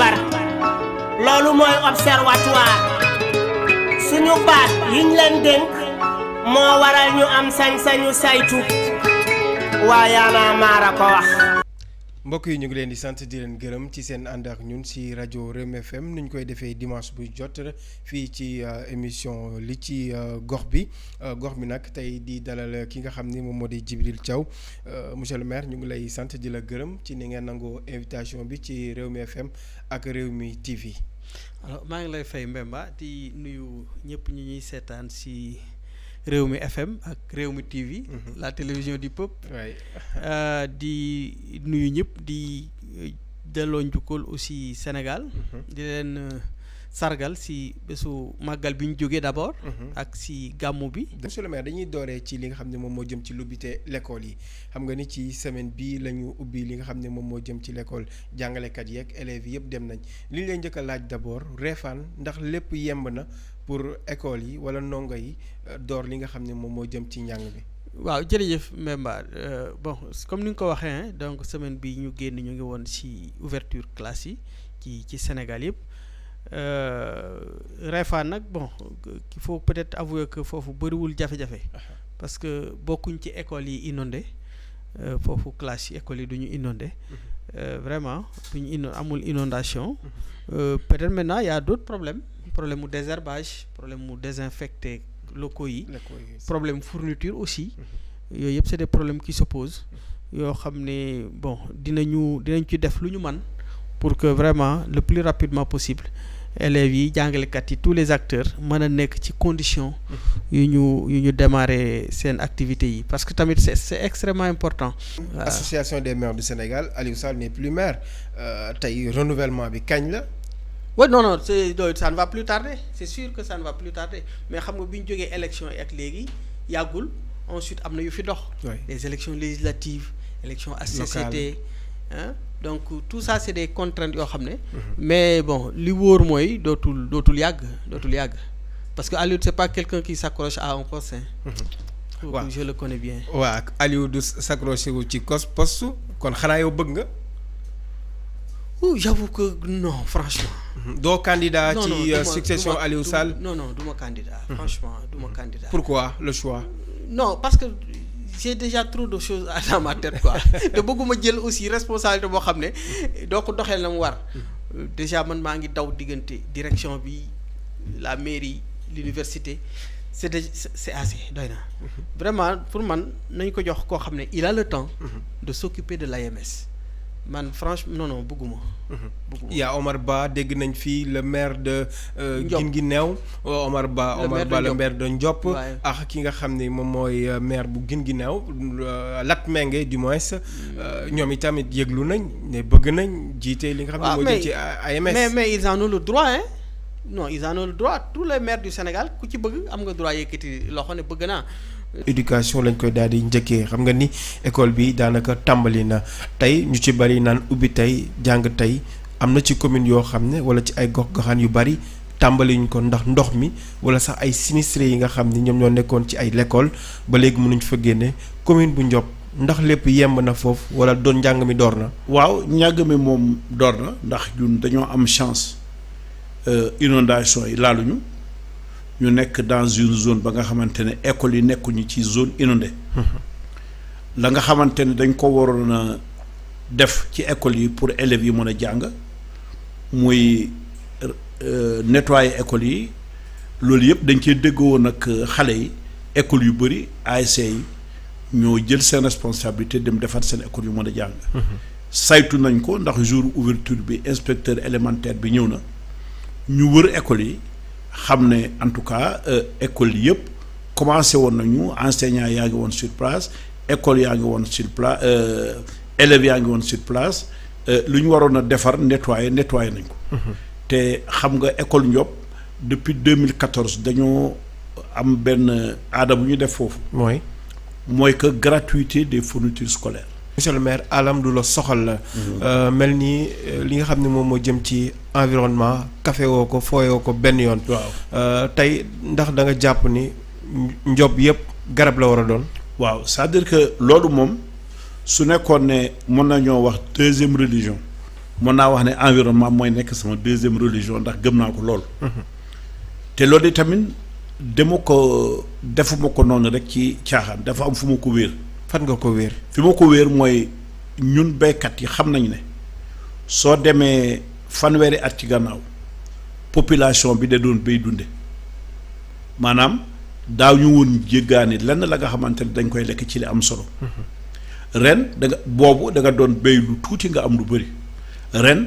bar loolu mooy observatoire suñu baat yiñ leen dénk moo waral ñu am sañ-sañu saytu waa Y'en a marre ko wax mbokk yi ñu ngi leen di sant di leen gërëm ci seen ànd ak ñun si rajo Rewmi FM nu ñu koy defee dimanche buy jot fii ci euh, émission li ci euh, gox bi euh, gox bi nag tey di dalal ki nga xam ni moom moo di Djibril caw monsieur le maire ñu ngi lay sant di la gërëm ci ni ngeen nangoo invitation bi ci réew Rewmi FM ak réew mi TV. alors maa ngi lay fay Mbemba di nuyu ñëpp ñu ñuy seetaan si. réew mi FM ak réew Rewmi TV. Mhm. la télévision di peuple. Euh, di nuyu ñëpp di euh, delloo njukkal aussi Sénégal. Mhm. di leen euh, sargal si bésu màggal bi ñu jógee d'abord. Mhm. ak si gàmmu bi. monsieur le dañuy dooree ci li nga xam ne moom moo jëm ci lubbite l'école yi xam nga ni ci semaine bi la ñu ubbi li nga xam ne moom moo jëm ci l'école jàngalekat yeeg élèves yëpp dem nañ li ñu lay njëkk a laaj d'abord reefaan ndax lépp yemb na. pour école yi wala ndongo yi euh, door li nga xam ne moom moo jëm ci njàng bi. waaw jërëjëf Mbemba euh, bon comme ni nga ko waxee donc semaine bi ñu génn ñu ngi woon ci ouverture classe yi ci ci Sénégal yëpp euh, Refane nag bon ki faut peut-être avouer que foofu bëriwul jafe-jafe. parce que bokkuñ ci école yi inondé foofu classe yi école yi du ñu inondé. Mhm. vraiment du ñu amul inondation. peut-être maintenant y a problème mu déserbage problème mu désinfecté locaux yi problème fourniture aussi mhm. yooyu yëpp c'est des problèmes qui se yoo xam ne bon dinañu dinañ ci def lu ñu man pour que vraiment le plus rapidement possible élèves yi jàngalekat yi tous les acteurs mën a nekk ci condition mhm. yu ñu yu ñu démarrer seen activité yi parce que tamit c'est c'est extrêmement important association des maires du Sénégal Aliou Sall n'est plus maire euh, tey renouvellement bi kañ la oui non non c'est doy ça ne va plus tarder c'est sûr que ça ne va plus tarder mais xam nga bi ñu jógee élection ak léegi yàggul ensuite am na yu fi dox. les élections législatives. élections HCCT ah donc tout ça c'est des contraintes yoo xam ne. Mm-hmm. mais bon li wóor mooy dootul dootul yàgg dootul yàgg parce que Aliou c'est pas quelqu'un qui s'accroche à un poste. waaw mm-hmm. je le connais bien. waaw Aliou du s'accroché ci cos poste kon xanaa yow bëgg nga. oui j'avoue que non franchement. Mhm. doo candidat ci euh, succession Aliou Sall. non non du ma candidat. Mhm. franchement du ma mhm. candidat. pourquoi le choix. non parce que j'ai déjà trop de choses dans ma tête quoi te bëgguma jël aussi responsabilité boo xam ne doo ko doxee la mu war. Euh, déjà man maa ngi daw diggante direction bi la mairie l'université c'est de c'est assez doy na. vraiment pour man nañ ko jox koo xam ne il a le temps. de s'occuper de l'AMS. man franchement non bëgguma. Mhm. bëgguma yaa Omar Ba dégg nañ fii le maire de. Euh, Ndiop Guinguinéo Omar Ba euh, Omar Ba le maire de Ndiop. ak ki nga xam ne moom mooy euh, maire bu gi neew Guinguinéo Latmingué du moins. Mm. ñoom itamit yëglu nañ ne bëgg nañ jiite li nga xam ne moo jëm ci AMS. mais mais ils en ont le droit hein. non ils le droit tous du Sénégal ku ci bëgg am nga droit yëkkati loxo ne bëgg naa. éducation lañ koy daal di njëkkee xam nga ni école bi daanaka tàmbali na tey ñu ci bari naan ubbi tey jàng tey am na ci commune yoo xam ne wala ci ay gox goxaan yu bari tàmbali ñu ko ndax ndox mi wala sax ay sinistré yi nga xam ni ñoom ñoo nekkoon ci ay lekkool ba léegi mënuñ fa génne commune bu Ndiob ndax lépp yemb na foofu wala doon njàng mi door na. waaw njàng mi moom door na ndax yu dañoo am chance euh, inondation yi laaluñu. ñu nekk dans une zone ba nga xamante ne école yi nekkuñu ci zone inondée la nga xamante ne dañ ko waroon a def ci école yi pour élèves yi mën a jàng muy euh, nettoyer école yi loolu yëpp dañ cee déggoo nag xale yi école yu bëri ASC yi ñoo jël seen responsabilité dem defar seen école yu mën a jàng saytu nañ ko ndax jour ouverture bi inspecteur élémentaire bi ñëw na ñu wër école yi xam ne en tout cas euh, école yëpp commencé woon nañu enseignants yaa ngi woon sur place école yaa ngi woon sur place euh, élèves yaa ngi woon sur place euh, lu ñu waroon a defar nettoyer nettoyer nañ ko. Mhm. te xam nga école Ndiop depuis mille 2014 dañoo am benn aada bu ñu def foofu. mooy mooy que gratuité des fournitures scolaires. monsieur le maire alam du la soxal la. Mhm. Euh, mel nii euh, li nga xam ne moom moo jëm ci environnement café woo ko fooyoo ko benn yoon. waaw euh, tey ndax da nga jàpp ni njob yëpp garab la war a doon. waaw cest dire que loolu moom su nekkoon ne mën ñoo wax deuxième religion mën naa wax ne environnement mooy nekk sama deuxième religion ndax gëm naa ko lool. Mhm. te loolu tamit dama ko defuma ko noonu rek ci caaxaan dafa am fu ko wéer. fan nga ko wéer fi ma ko wéer mooy ñun béykat yi xam nañ ne soo demee fanweeri at ci gannaaw population bi da doon béy dunde maanaam daaw ñu woon jéggaani lenn la nga xamante ne dañ koy lekk ci li am solo mhm. ren da nga boobu da doon béy lu tuuti nga am lu bari ren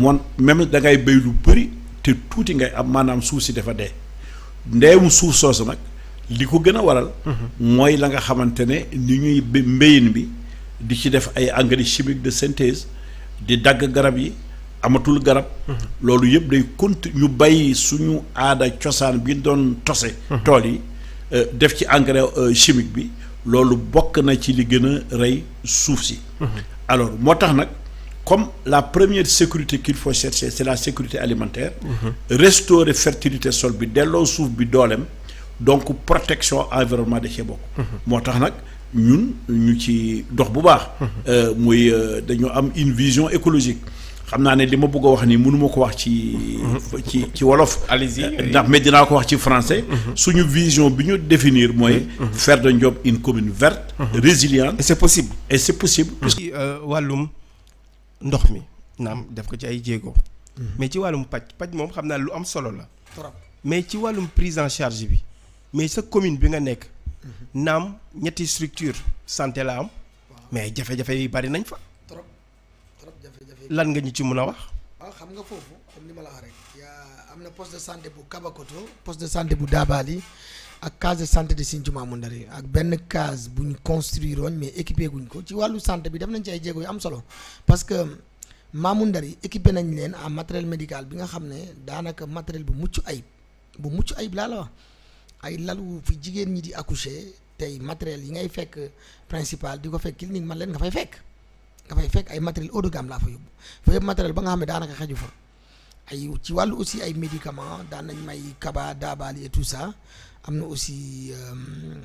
moon même dangay ngay lu bëri te tuuti ngay am maanaam suuf si dafa dee ndeemu suuf soosu nag li ko gën a waral. mooy la nga xamante ne ni ñuy mbéyin bi di ci def ay engrais chimique de synthèse di dagg garab yi amatul garab. loolu yëpp day conti ñu bàyyi suñu aada cosaan bi doon tose. tool yi euh, def ci engrais euh, chimique bi loolu bokk na ci li gën a rey suuf si. alors moo tax nag. comme la première sécurité qu'il faut chercher c'est la sécurité alimentaire. Mhm. restaurer fertilité sol bi delloo suuf bi dooleem. donc protection environnement da cee bokk. moo tax nag ñun ñu ci dox bu baax. Euh, muy euh, dañu am une vision écologique. xam naa ne li ma bëgg a wax nii mënuma ko wax ci. ci ci wolof. ndax mais dinaa ko wax ci français. Mm-hmm. suñu vision bi ñu definir mooy. Mm-hmm. Mm-hmm. faire de Ndiob une commune verte. résiliente et c'est possible. et c'est possible. ci euh, wàllum ndox mi naam def ko ci ay jéego. mais ci wàllum paj paj moom xam naa lu am solo la. trop mais ci wàllum prise en charge bi. mais sa commune bi nga nekk naam ñetti structure santé la am mais jafe-jafe yi bari nañ fa trop trop jafe lan nga ñu ci mën a wax waaw ah, xam nga foofu comme ni ma la wax rek yaa am na poste de santé bu Kabakoto poste de santé bu Dabali ak case de santé de Sinthiou Mamoundary ak benn case bu ñu construire woon mais équipé guñ ko ci wàllu santé bi def nañ ci ay jéego yu am solo parce que Mamoundary équipé nañ leen en matériel médical bi nga xam ne daanaka matériel bu mucc ayib bu mucc ayib laa ay lalu fi jigéen ñi di accoucher tey matériel yi ngay fekk principal di ko fekk clinique man leen nga fay fekk nga fay fekk ay matériel haut de gamme laa fa yóbbu fa yëpp matériel ba nga xam ne daanaka xaju fa ay ci wàllu aussi ay médicament daan nañ may kaba daabaali et tout ça am na aussi. Euh,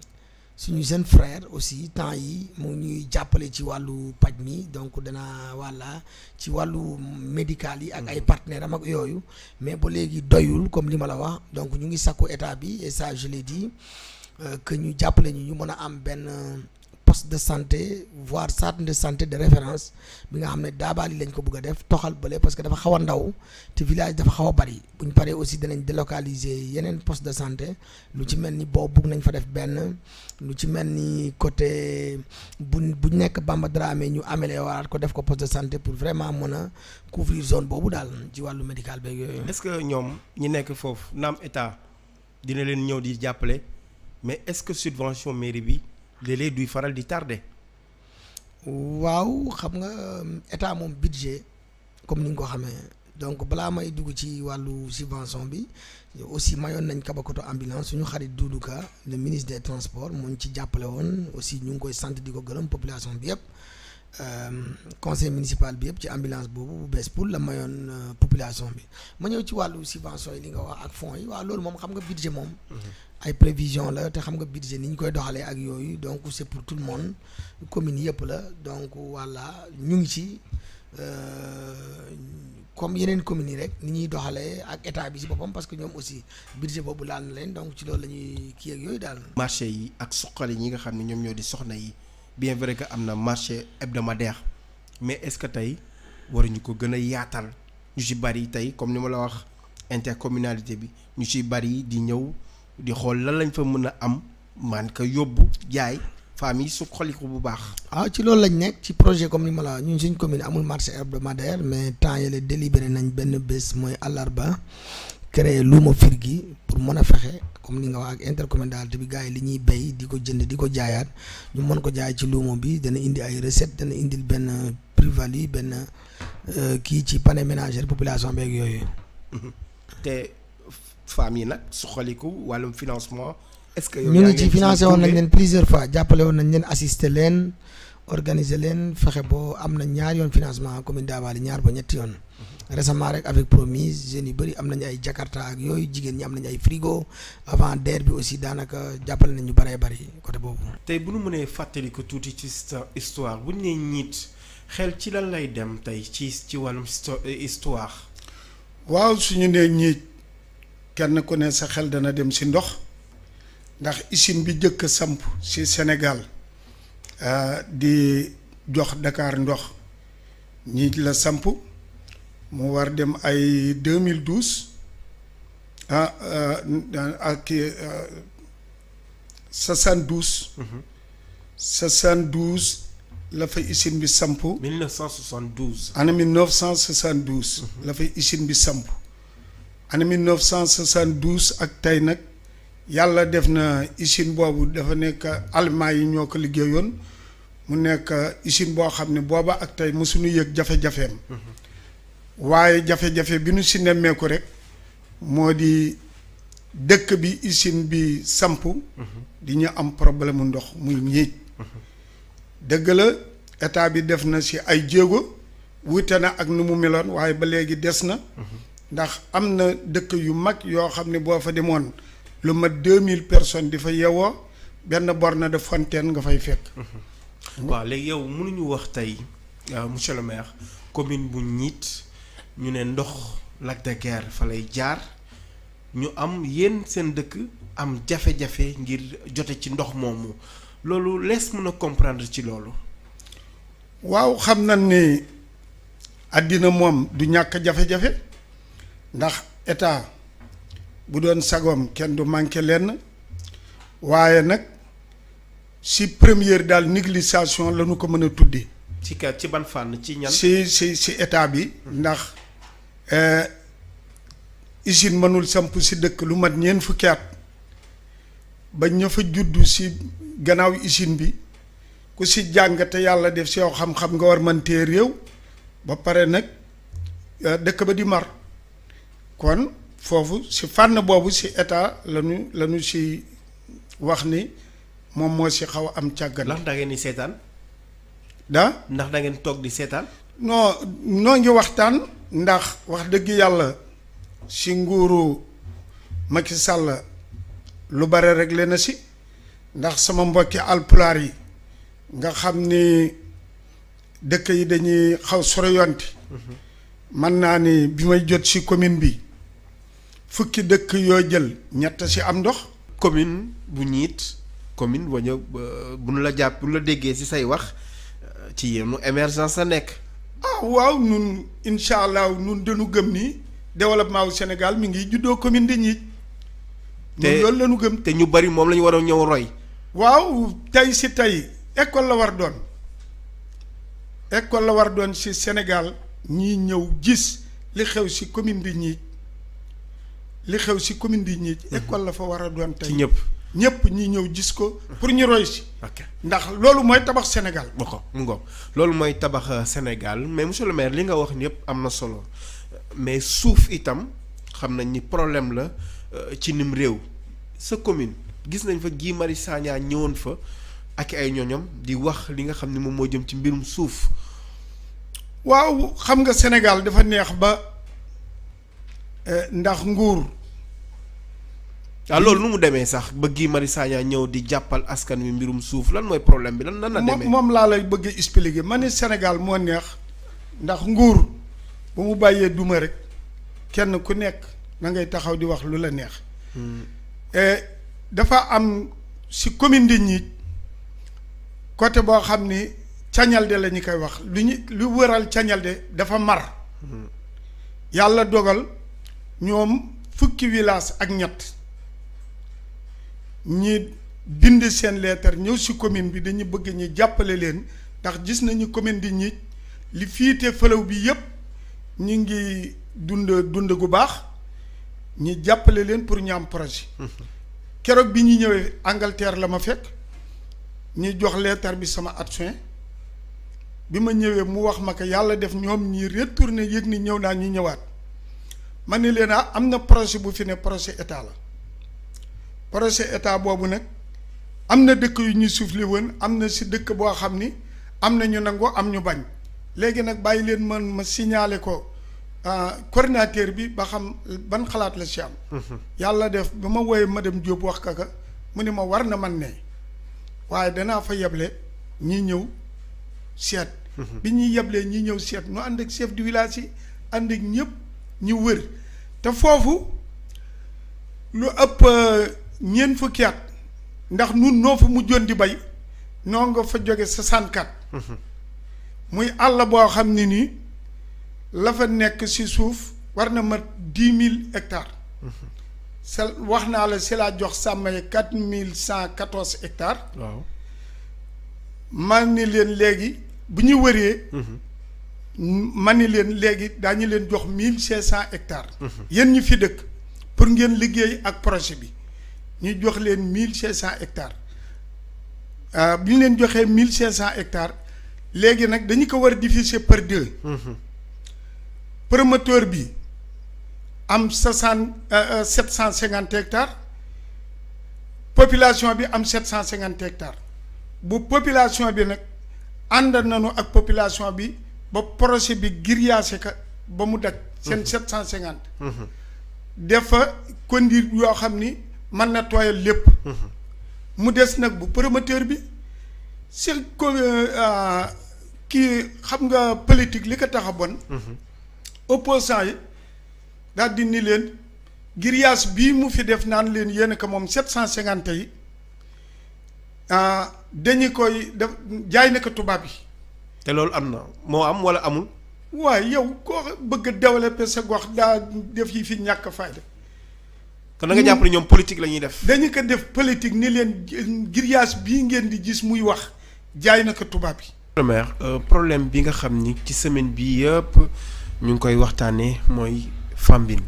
suñu jeune frère aussi temps yi mu ñuy jàppale ci wàllu paj mi donc dana wàlla ci wàllu médical yi ak ay partenaires am yooyu mais ba léegi doyul comme li ma la wax donc ñu ngi sakku état bi et ça je l'ai dit euh, ñu jàppale ñu ñu mën a am benn poste de santé voire centre de santé de référence bi nga xam ne daabaali lañ ko bëgg a def toxal bële parce que dafa xaw ndaw te village dafa xaw a bari bu ñu paree aussi danañ délocaliser yeneen poste de santé lu ci mel ni boobu bëgg nañ fa def benn lu ci mel ni côté bu bu nekk Bamba Dramé ñu améliorer ko def ko poste de santé pour vraiment mën a zone boobu daal ci wàllu médical beeg yooyu. ce que ñoom ñi nekk foofu naam état dina leen ñëw di jàppale mais est-ce que subvention mairie bi. léeg-léeg duy faral di tardé. waaw xam nga euh, état moom budget comme ni nga ko xamee donc balaa may dugg ci wàllu subvention bi aussi mayoon nañ kabakoto ambulance suñu xarit Doudou Ka le ministre de transport mu ci jàppale woon aussi ñu ngi koy sant di ko gërëm population bi yëpp euh, conseil municipal bi yëpp ci ambulance boobu bu bees pour la mayoon euh, population bi ma ñëw ci wàllu subvention yi li nga wax ak fonds yi waaw loolu moom xam nga budget moom. Mhm. ay prévision la te xam nga budget ni ñu koy doxalee ak yooyu donc c'est pour tout le monde commune yëpp la donc voilà ñu ngi ci euh, comme yeneen communes yi rek ni ñuy doxalee ak état bi ci boppam parce que ñoom aussi budget boobu laal na leen donc ci loolu la ñuy kii ak yooyu daal. marché yi ak suqali ñi nga xam ne ñoom ñoo di soxna yi bien vrai que am na marché hebdomadaire mais est-ce que tey waruñu ko gën a yaatal ñu si bari tey comme ni ma la wax intercommunalité bi ñu ci bari di ñëw. di xool lan lañ fa mën a am man ka yóbbu jaay femmes yi su xoliku bu baax. waaw ah, ci loolu lañ nekk ci projet comme ni ma la ñun suñ commune amul marché hebdomadaire mais temps yële délibéré nañ benn bés mooy àllarba créer luuma firgi pour mën a fexe comme li nga wax ak intercommunalité bi gars yi li ñuy béy di ko jënd di ko jaayaat ñu mën ko jaay ci luuma bi dana indi ay recette dana indil benn prix value benn euh, kii ci panier ménager population beeg yooyu. femmes yi nag su xoliku wàllum financement. est-ce que ñu ngi ci financé woon nañ leen plusieurs fois jàppale woon nañ leen assister leen organiser leen fexe boo am na ñaar yoon financement commune Daabali ñaar ba ñetti yoon. Mhm. récemment rek avec promise jeunes yu bëri am nañu ay jakarta ak yooyu jigéen ñi am nañu ay frigo avant DER bi aussi daanaka jàppale nañu ñu bëree bëri côté boobu. tey bu nu mënee fàttali ko tuuti ci histoire bu ñu nee ñiit xel ci lan lay dem tey ci ci wàllum histoire. waaw kenn ko ne sa xel dana dem si ndox ndax usine bi jëkk a samp si Sénégal euh, di jox ndakaar ndox ñi la samp mu war dem ay 2012 ah ak 72. 72 la fa usine bi samp. 1972. année 1972. la fa usine bi samp. année 1972 ak tey nag yàlla def na usine boobu dafa nekk allemand yi ñoo ko liggéeyoon mu nekk usine boo xam ne booba ak tey mosuñu yëg jafe-jafeem waaye jafe-jafe bi nu si nemmeeku rek moo di dëkk bi usine bi samp di ñu am problème mu ndox muy ñiij dëgg la état bi def na si ay jéego wuute na ak nu mu meloon waaye ba léegi des na ndax am na dëkk yu mag yoo xam ne boo fa demoon lu mat mille personnes di fa yeewoo benn borne def fanten nga fay fekk. waaw léegi yow mënuñu wax tey euh, monsieur le maire commune bu ñiit ñu ne ndox lac de Guiers fa lay jaar ñu am yéen seen dëkk am jafe-jafe ngir jote ci ndox moomu loolu lees mën a comprendre ci loolu. waaw xam na ne àddina moom du ñàkk jafe-jafe. ndax état bu doon sagoom kenn du manqué lenn waaye nag si première daal négligence la ñu ko mën a tuddee. ci ka ci ban fànn ci ñan. si si si état bi. Hmm. ndax euh, usine mënul samp si dëkk lu mat ñeent fukki at ba ña juddu si gannaaw usine bi ku si jàng te yàlla def si yow xam-xam nga war mën tee réew ba pare nag euh, dëkk ba di mar. kon foofu si fànn boobu si état la ñu la ñu si wax ni moom moo si xaw a am càggante. ndax da di seetaan. da ndax dangeen toog di seetaan. noo noo ngi waxtaan ndax wax dëgg yàlla si nguuru Macky sàll lu bare réglé na si ndax sama mbokki alpulaar yi nga xam ni dëkk yi dañuy xaw sore mhm. man naa ni bi may jot si commune bi fukki dëkk yoo jël ñett si am ndox commune bu ñiit commune waña bu nu la jàpp bu la déggee si say wax euh, ci yenn émergence la nekk ah waaw nun incha allah nun dañu gëm ni développement wu Sénégal mi ngi juddoo commune de ñiit te loolu lañu gëm te ñu bari moom la ñu war a ñëw roy waaw tey si tey école la war doon école la war doon si Sénégal ñi ñëw gis li xew si commune de ñiit li xew si commune bi ñi mhm. école la fa war a doon tey ñëpp ñëpp ñi ñëw gis ko pour ñu roy si ndax loolu mooy tabax Sénégal ba ko mu ngoog loolu mooy tabax euh, Sénégal mais monsieur le maire li nga wax ñëpp am na solo mais suuf itam xam nañ ni problème la euh, ci nim réew sa commune gis nañ fa gii Marius Sagna ñëwoon fa ak ay ñoñom di wax li nga xam ni moom moo jëm ci mbirum suuf waaw xam nga Sénégal dafa neex ba euh, ndax nguur waaw ah, loolu nu mu demee sax bëggi Guy Marius ñëw di jàppal askan wi mbirum suuf lan mooy problème bi lan nan na demee moom laa lay bëgg expliquer ma ni senegal moo neex ndax nguur ba mu bàyyee duma rek kenn ku nekk na ngay taxaw di wax lu la neex hmm. e, dafa am si commune di ñi côté boo xam ni cañalde la ñu koy wax lu ñu lu wëral cañalde dafa mar hmm. yàlla dogal ñoom fukki village ak ñett ñi bind seen leetar ñëw si commune bi dañu bëgg ñu jàppale leen ndax gis nañu commune di ñi li fii fiite fëlaw bi yëpp ñu ngi dund dund gu baax ñi jàppale leen pour ñaam projet keroog bi ñu ñëwee Angleterre la ma fekk ñi jox leetar bi sama adjoint bi ma ñëwee mu wax ma ko yàlla def ñoom ñi retourné yëg ni ñëw naa ñu ñëwaat ma ne leen ah, am na projet bu fi ne projet état la projet état boobu nag am na dëkk yu ñu soufflé woon am na si dëkk boo xam ni am na ñu nangu am ñu bañ léegi nag bàyyi leen man ma siñaale ko euh, coordinateur bi ba xam ban xalaat la si am. Mhm. yàlla def ba ma wooyee madame Diop wax kaka mu ne ma war na man ne waaye danaa fa yeble ñi ñëw seet. Mhm. bi ñuy yeblee ñi ñëw seet ñu ànd ak chef du village yi ànd ak ñëpp ñu wër te foofu lu ëpp. Euh, ñeent fukki at ndax nun noo mu mujjoon di bay noo nga fa jóge soixante-quatre muy àll boo xam ne nii la fa nekk ci suuf war na mat dix mille hectares sa wax naa la si laa jox sàmm yi quatre mille cent quatorze hectares ma ni leen léegi bu ñu wëree ma ni leen léegi daañu leen jox mille cinq cent hectares mhm. yéen ñu fi dëkk pour ngeen liggéey ak projet bi ñu jox leen mille cinq cent hectares ah euh, bi leen joxee mille cinq cent hectares léegi nag dañu ko war a diviser par deux. Mhm. promoteur bi am soixante euh, euh, sept cent cinquante hectares population bi am sept cent cinquante hectares bu population bi nag ànd nañu ak population bi ba projet bi grillagé ka ba mu daj. seen mhm. sept cent cinquante. Mhm. dafa conduire yoo xam ni. man na tooyal lépp. Mhm. mu des nag bu promoteur bi si ko euh, euh, kii xam nga politique li ko tax a bon. Mhm. opposant yi daal di ni leen grillage bii mu fi def naan leen yéen ko moom sept cent cinquante yi ah, dañu koy def jaay na ko tubaab yi. te loolu am na moo am walla amul. waaye yow koo bëgg a développer sa gox daa def yi fi ñàkk fayda kon jàppale ñoom politique lañuy def. dañu ko def politique ni leen grillage bii ngeen di gis muy wax jaay na ko tubaab yi. première euh, problème bi nga xam ni ci semaine bi yëpp ñu ngi koy waxtaanee mooy Fambine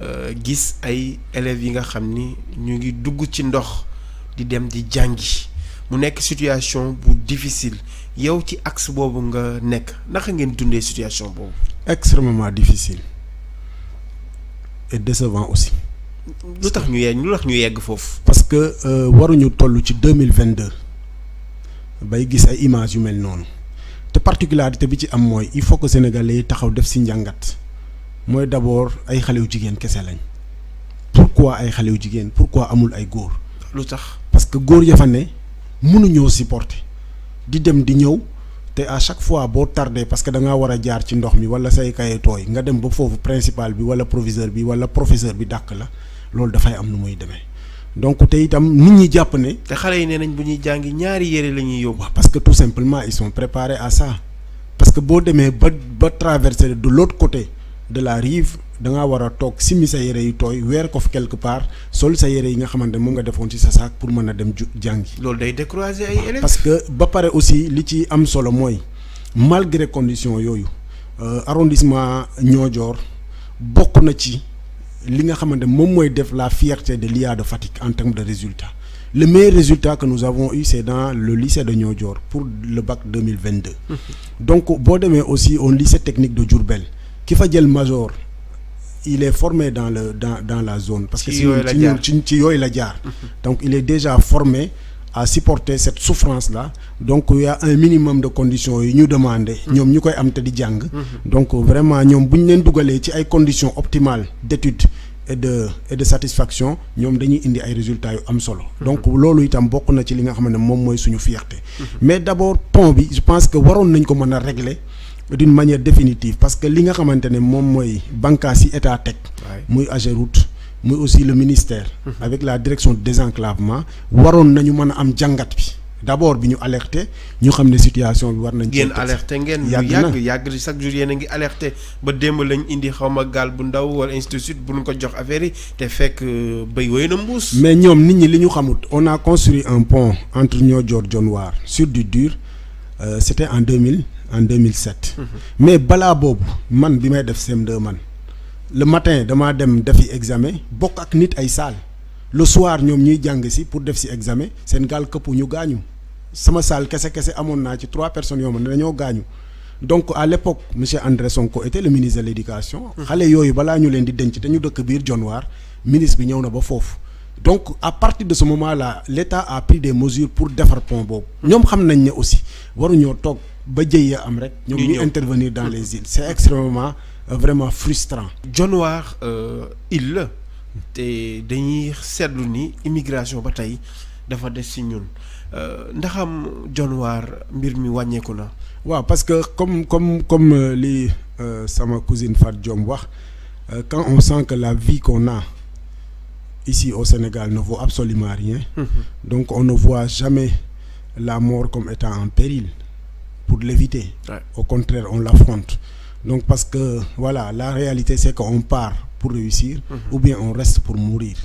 euh, gis ay élèves yi nga xam ni ñu ngi dugg ci ndox di dem di jàngi mu nekk situation bu difficile yow ci axe boobu nga nekk naka ngeen dundee situation boobu. extrêmement difficile de décevant aussi. lu tax ñu yegg lu tax ñu yegg foofu. parce que euh, waruñu toll ci deux mille vingt deux bay gis ay images yu mel noonu te particularité bi ci am mooy il faut que sénégalais yi taxaw def si njàngat mooy d' abord ay xale yu jigéen kese lañ pourquoi ay xale yu jigéen quoi amul ay góor. lu tax parce que góor ya fa ne mënuñoo supporter di dem di ñëw. te à chaque fois boo tardé parce que da ngaa war a jaar ci ndox mi walla say kaye tooy nga dem ba foofu principal bi walla proviseur bi walla professeur bi dàq la loolu dafay am nu muy demee donc te itam nit ñi jàpp ne. te xale yi nee nañ bu ñuy jàngi ñaari yére la ñuy yóbbu. parce que tout simplement ils sont préparés à ça parce que boo demee ba ba traverser de l'autre côté de la rive danga war a toog simi sa yére yu tooy weer ko fi quelque part sol sa yére yi nga xamante moom nga defoon ci sa saak pour mën a dem ju jàngi. loolu day décourager parce que ba pare aussi li ci am solo mooy malgré condition yooyu euh, arrondissement Niodior bokk na ci. li nga xamante moom mooy def la fierté de l'IA de Fatick en termes de résultats le meilleur résultat que nous avons eu c'est dans le lycée de Niodior pour le bac 2022 mmh. donc boo demee aussi au lycée technique de Diourbel ki fa jël major il est formé dans le dans dans la zone parce que si ci yooyu la jaar mmh. donc il est déjà formé à supporter cette souffrance la donc il a un minimum de conditions yi ñu demandé. ñoom ñu koy am te di jàng. donc vraiment ñoom bu ñu leen dugalee ci ay conditions optimales d'étude et de et de satisfaction ñoom dañuy indi ay résultat yu am solo. donc loolu itam bokk na ci li nga xam ne moom mooy suñu fierté. mais d'abord pont bi je pense que waroon nañ ko mën a régler. d'une manière définitive parce que li nga xamante ne moom mooy bànqaas yi état teg. muy Ageroute muy aussi le ministère. Mhm. avec la direction désenclavement waroon nañu mën a am jàngat bi. d' abord bi ñu alerté ñu xam ne situation bi war nañ. ngeen alerté ngeen lu yàgg yàgg chaque jour yéen a ngi alerté ba démb lañ indi xaw ma gaal bu ndaw wala institut bu ñu ko jox affaire te fekk euh, béy wéy na mbuus. mais ñoom nit ñi li ñu xamut on a construit un pont entre Niodior Dionewar sur du dur euh, c' était en deux mille en deux mille sept. Mhm. mais balaa boobu man bi may def CM2 man. le matin damaa dem def defi examen bokk ak nit ay salle le soir ñoom ñuy jàng si pour def si examen seen gaal këpp ñu gaañu sama salle kese kese amoon naa ci trois personnes yoo xam ne dañoo gaañu donc à l'époque monsieur André Sonko était le ministre de l'éducation xale yooyu balaa ñu leen di denc dañu dëkk biir Dionewar ministre bi ñëw na ba foofu donc à partir de ce moment la l'État a pris des mesures pour defar pont boobu ñoom xam nañ ne aussi waruñoo toog ba jëyee am rek ñoom ñu intervenir dans les îles c'est vraiment frustrant. John euh, il te dañuy seetlu ni immigration ba tey dafa des ci ñun euh, ndaxam John mbir mi wàññeeku na. waaw parce que comme comme comme euh, li sama cousine Fat Diom wax quand on sent que la vie qu'on a ici au Sénégal ne vaut absolument rien. Mhm. donc on ne voit jamais la mort comme étant en péril pour l'éviter. au contraire on l'affronte. donc parce que voilà la réalité c'est qu'on part pour réussir mmh. ou bien on reste pour mourir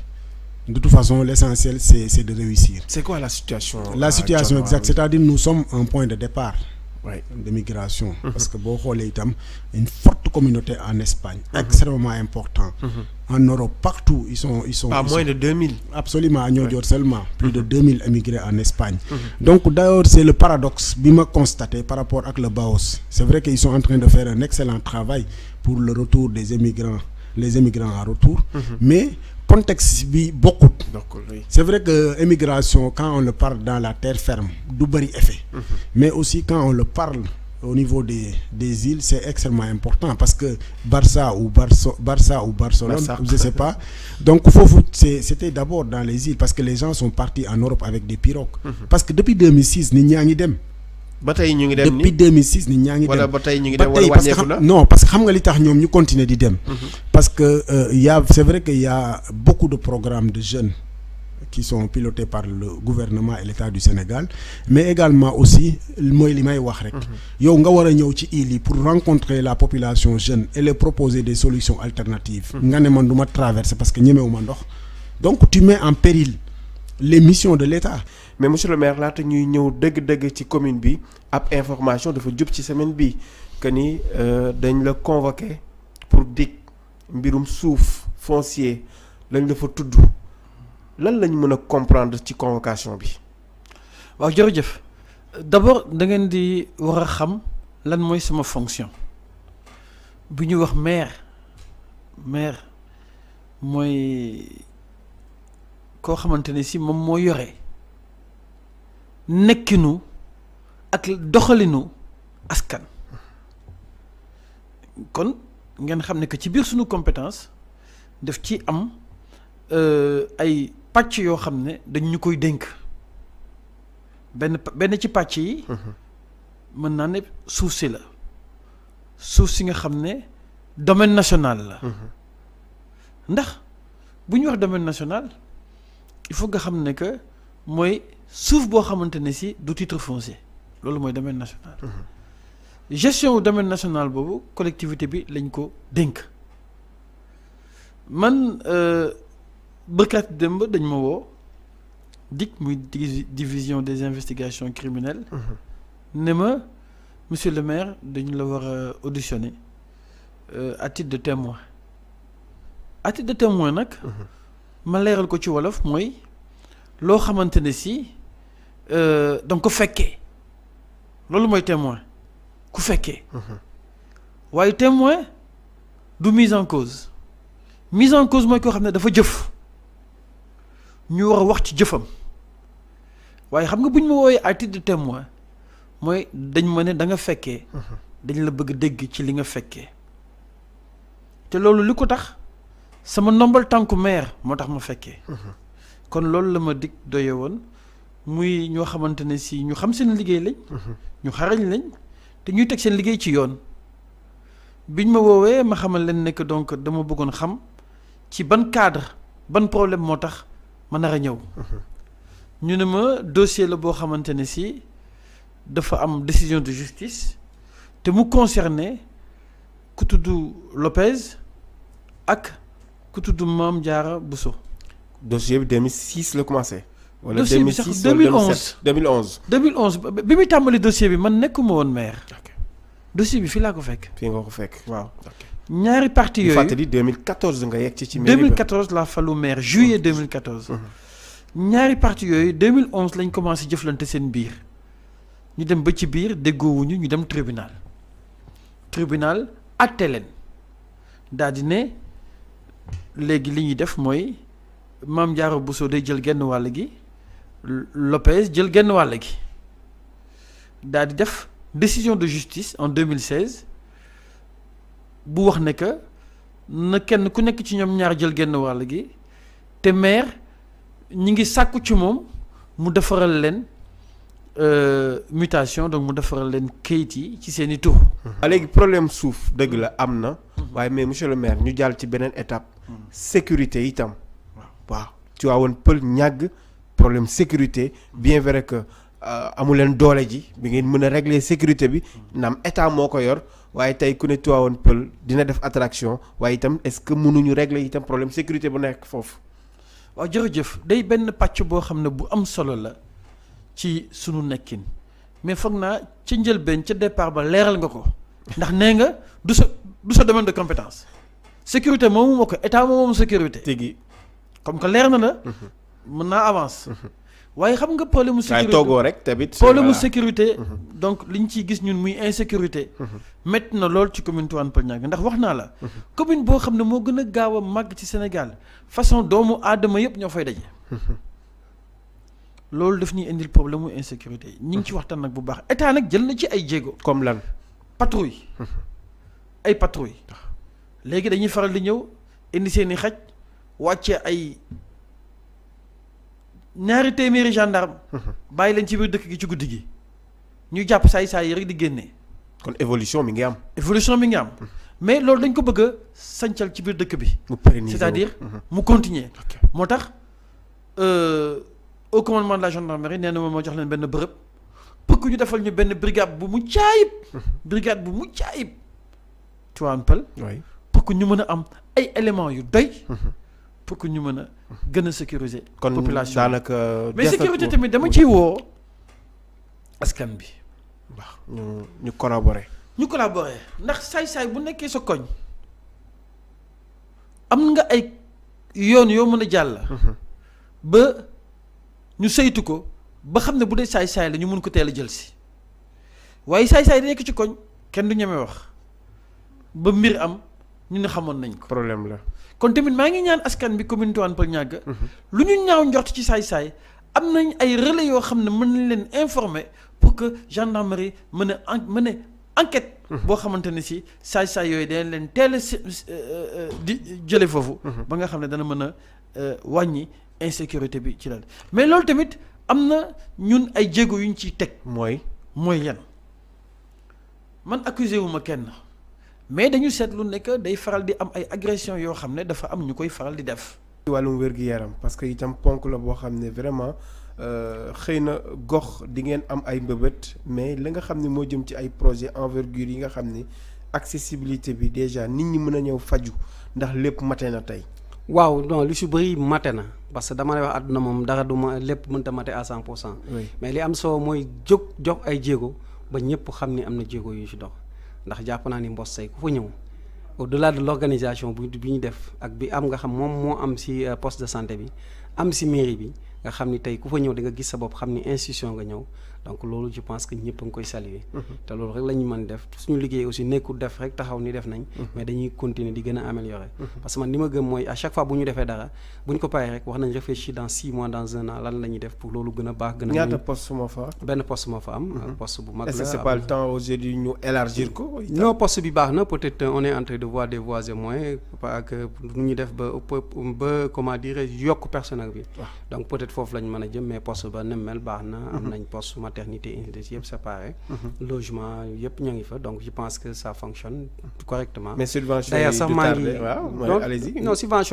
de toute façon l'essentiel c'est c'est de réussir c'est quoi la situation la euh, situation exacte c'est-à-dire nous sommes un point de départ oui parce que boo xoolee itam une forte communauté en Espagne. Mhm. extrêmement important. Mhm. en Europe partout ils sont ils sont. pas moins de deux mille. plus de mhm. deux mille immigrés en Espagne. donc d'ailleurs c'est le paradoxe bi ma constaté par rapport ak le Baos. c'est vrai qu'ils sont en train de faire un excellent travail pour le retour des immigrants les immigrants en retour. mais contexte bi bokkut c'est vrai que émigration quand on le parle dans la terre ferme du bëri effet mm-hmm. mais aussi quand on le parle au niveau des des îles c'est extrêmement important parce que Barça ou Barso Barça ou Barcelone Barça. je sais pas donc foofu c'est c'était d'abord dans les îles parce que les gens sont partis en Europe avec des pirogues mm-hmm. parce que depuis 2006 nit ngi dem ba tey ñu ngi dem depuis 2006 nit ñaa ngi dem wala ba tey ñu ngi dem wala wàññeeku na non parce que xam nga li tax ñoom ñu continuer di dem. Mm-hmm. parce que euh, y c'est vrai que y beaucoup de programmes de jeunes. qui son pilotés par le gouvernement et l'État du Sénégal mais également aussi mooy li may wax rek mm-hmm. yow nga war a ñëw ci île yi pour rencontrer la population jeune et leur proposer des solutions alternatives mm-hmm. nga ne man du ma traverser parce que ñemewu ma ndox donc tu mets en péril les missions de l'État mais monsieur le laata ñuy ñëw dëgg-dëgg ci commune bi ab information dafa jub ci semaine bi que ni euh, dañ la convoqué pour dig mbirum suuf foncier lañ la fa tudd lan lañ mën a comprendre ci convocation bi. waaw jërëjëf d'abord da dangeen di war a xam lan mooy sama fonction bi ñu wax maire maire mooy koo xamante ne si moom moo yore. nekkinu ak doxalinu askan kon ngeen xam ne que ci biir suñu compétence daf ci am euh, ay pàcc yoo xam ne dañ ñu koy dénk benn benn ci pàcc yi mhm. mën naa ne suuf si la suuf si nga xam ne domaine national la mhm. ndax bu ñu wax domaine national il faut nga xam ne que mooy suuf boo xamante ne si du titre foncier loolu mooy domaine national. gestion wu domaine nationale boobu collectivité bi lañ ko dénk man euh, bëkkaat démb dañ ma woo dikk muy division des investigations criminelles mm-hmm. ne ma monsieur le maire dañu la war a auditionner euh, à titre de témoin à de témoin nag mm-hmm. ma leeral ko ci wolof mooy loo xamante ne si Euh, donc ko fekkee loolu mooy témoin ku fekkee waaye témoin du mise en cause mise en cause mooy koo xam ne dafa jëf ñu war a wax ci jëfam waaye xam nga bu ñu ma wooyee à titre témoin mooy dañ ma ne da nga fekkee dañ la bëgg dégg ci li nga fekkee te loolu li ko tax sama ndombal tànku maire moo tax ma fekkee kon loolu la ma dig doye woon muy ñoo xamante ne si ñu xam seen liggéey lañ. ñu xarañ lañ te ñuy teg seen liggéey ci yoon biñ ma woowee ma xamal leen ne que donc dama bëggoon xam ci ban cadre ban problème moo tax ma nar a ñëw. ñu ne ma dossier la boo xamante ne si dafa am décision de justice te mu concerné ku tudd Lopez ak ku tudd Mame Diarra Bousso. dossier bi 2006 la commencé. wala 2006 2011 2011. 2011 bi muy tàmbali dossier bi man nekkuma woon maire. dossier bi fii laa ko fekk. fii nga ko fekk waaw. ñaari parti yooyu fàttali 2014 nga yegg ci ci. mairie 2014 laa falu maire juillet 2014. Mhm. ñaari parti yooyu 2011 lañ commencé jëflante seen biir dem ba ci biir déggoowuñu ñu dem tribunal tribunal àtte leen daal di ne léegi li ñuy def mooy maam Diarra Bousso day jël genn wàll gi. Lopez jël genn wàll gi daal def décision de justice en 2016 bu wax ne que na kenn ku nekk ci ñoom ñaar jël genn wàll gi te maire ñi ngi sàkku ci moom mu defaral leen euh, mutation donc mu defaral leen kayit yi ci seen i tur. léegi problème suuf dëgg la am na. waaye mais monsieur le maire ñu jàll ci beneen étape. Mm-hmm. sécurité itam. waaw waaw ci waawoon pël ñàgg. problème sécurité bien vrai que euh, amu leen doole ji bi ngeen mën a régler sécurité bi naam état moo ko yor waaye tey ku ne Tivaouane Peulh dina def attraction waaye itam est-ce que mënuñu régler itam problème sécurité bu nekk foofu. waaw jërëjëf day benn pàcc boo xam ne bu am solo la ci sunu nekkin mais foog naa ca njëlbeen ca départ ba leeral nga ko ndax nee nga du sa du sa domaine de compétence sécurité moom moo ko état moomu sécurité. tegi comme que leer na la. mën naa avance. waaye xam nga problème mu sécurité rek tamit. problème sécurité. Mmh. donc li ñu ciy gis ñun muy insécurité. mett mmh. na lool ci commune Tivaouane Peulh ndax wax naa la. Mmh. commune boo xam ne moo gën a gaaw a màgg ci Sénégal façon doomu aadama yëpp ñoo fay daje. loolu daf ñuy indil problème mu insécurité yi. ñu ngi ci waxtaan nag bu baax état nag jël na ci ay jéego. comme lan patrouille. ay patrouille. Ah. léegi dañuy faral di ñëw indi seen i xaj wàccee ay. ñaari téeméeri gendarme mhm. bàyyi leen ci biir dëkk gi ci guddi gi ñu jàpp saay saay yi rek di génne. kon évolution mi ngi am. évolution mi ngi am mhm. mais loolu dañ ko bëgg a sancal ci biir dëkk bi. mu c'est-à-dire mhm. mu continuer. moo tax euh, au commandement de la gendarmerie nee na moom moo jox leen benn bërëb pour ñu defal ñu benn brigade bu mu caayib. brigade bu mu caayib. tu vois pour que ñu mën a am ay éléments yu doy. pour ñu mën a gën a sécuriser. kon daanaka. Euh, mais sécurité tamit dama ciy woo askan bi. waaw ñu ñu ñu collaborer ndax saay-saay bu nekkee sa koñ am nga ay yoon yoo mën a jàll. Mhm. ba ñu seytu ko ba xam ne bu dee saay-saay la ñu mun ko teel a jël si waaye saay-saay di nekk ci koñ kenn du ñeme wax ba mbir am ñu ne xamoon nañ ko. problème la. kon tamit maa ngi ñaan askan bi commune Tivaouane Peulh Niaga lu ñu ñaaw njort ci saay-saay am nañ ay relais yoo xam ne mën nañ leen informer pour que gendarmerie mën a en mën a enquête boo xamante ne si saay-saay yooyu dañ leen teel a euh, euh, di jële foofu ba nga xam ne dana mën a euh, wàññi insécurité bi ci la mais loolu tamit am na ñun ay jéego yu ñu ciy teg mooy mooy yan man accusé wu ma kenn mais dañu seetlu ne que day faral di am ay agression yoo xam ne dafa am ñu koy faral di def. ci wér-gu-yaram parce que itam ponk la boo xam ne vraiment euh, xëy na gox di ngeen am ay mbëbët mais li nga xam ne moo jëm ci ay projet envergure yi nga xam ne accessibilité bi déjà nit ñi mën a ñëw faju ndax lépp mate na tey. waaw non lu si bëri mate na parce que dama lay wax àdduna moom dara du ma lépp mënta mate à cent pour cent. mais li am soow mooy jóg jox ay jéego ba ñëpp xam ni am na jéego yu si dox. ndax jàpp naa ni mbos say ku fa ñëw au delà de l' organisation bi bi ñu def ak bi am nga xam moom moo am si euh, poste de santé bi am si mairie bi nga xam ni tey ku fa ñëw di nga gis sa bopp xam ni institution nga ñëw donc loolu je pense que ñëpp a ngi koy saluer mhm. te loolu rek la ñu def suñu liggéey aussi nekkul def rek taxaw ni def nañ mhm. mais dañuy continuer di gën a améliorer mhm. parce que man li ma gëm mooy à chaque fois bu ñu defee dara bu ñu ko paree rek wax nañ réfléchir dans six mois dans un an lan la def pour loolu gën a baax gën a ñaata poste fa benn poste moo fa am poste bu mag la est-ce que c'est pas le temps aujourd'hui ñu na peut-être on est en train de voir des voies et moyens parce que nu ñu def ba ba comment dire yokk personnel bi foofu lañ mën a jëm mais poste ba nemmel baax na am mhm. nañ poste maternité unité yëpp séparé mhm. logement yëpp ñoo fa donc je pense que ça fonctionne correctement mais subvention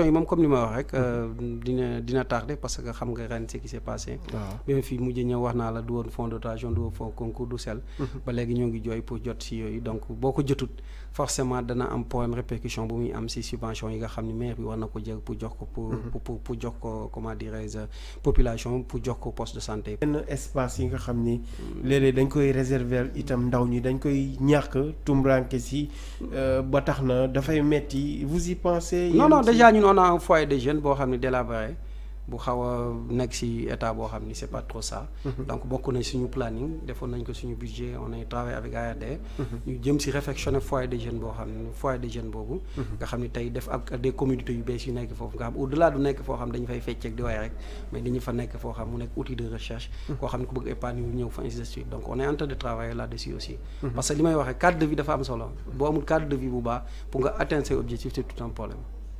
yi moom comme li ma wax rek mhm. euh, dina dina parce que xam nga ren ce qui s'est passé bi ma fi mujj ñëw wax naa la du woon fonds dotation du woon fonds concours du sel ba léegi ñoo ngi jooy pour jot si yooyu donc boo ko jotut forcément dana am problème répercussion bu muy am si subvention yi nga xam ne maire bi war na ko jël pour jox ko mhm. pour pour pour jox ko comment dirais-je population pour jox ko poste de santé. benn espace yi nga xam ni mm. léeg-léeg dañ koy réserver itam ndaw ñi dañ koy ñàkk tumranke si mm. euh, ba tax na dafay metti vous y pensez. non non déjà ñu on a un de jeunes boo xam ne délabré bu xaw a nekk ci état boo xam ni c'est pas trop ça. Mm-hmm. donc bokk nañ suñu planning defoon nañ ko suñu budget on a travaillé avec ARD. Mm-hmm. ñu jëm ci réfectionner foyer de jeunes boo xam ne foyer de jeunes boobu. Mm-hmm. nga xam ni tey def ak des communautés yu bees yu nekk foofu nga xam au delà du nekk foo xam dañu fay fecceeg di waaye rek mais dañu fa nekk foo xam mu nekk outil de recherche. koo xam ne ku bëgg épargne ñëw fa ainsi donc on est en train de travailler là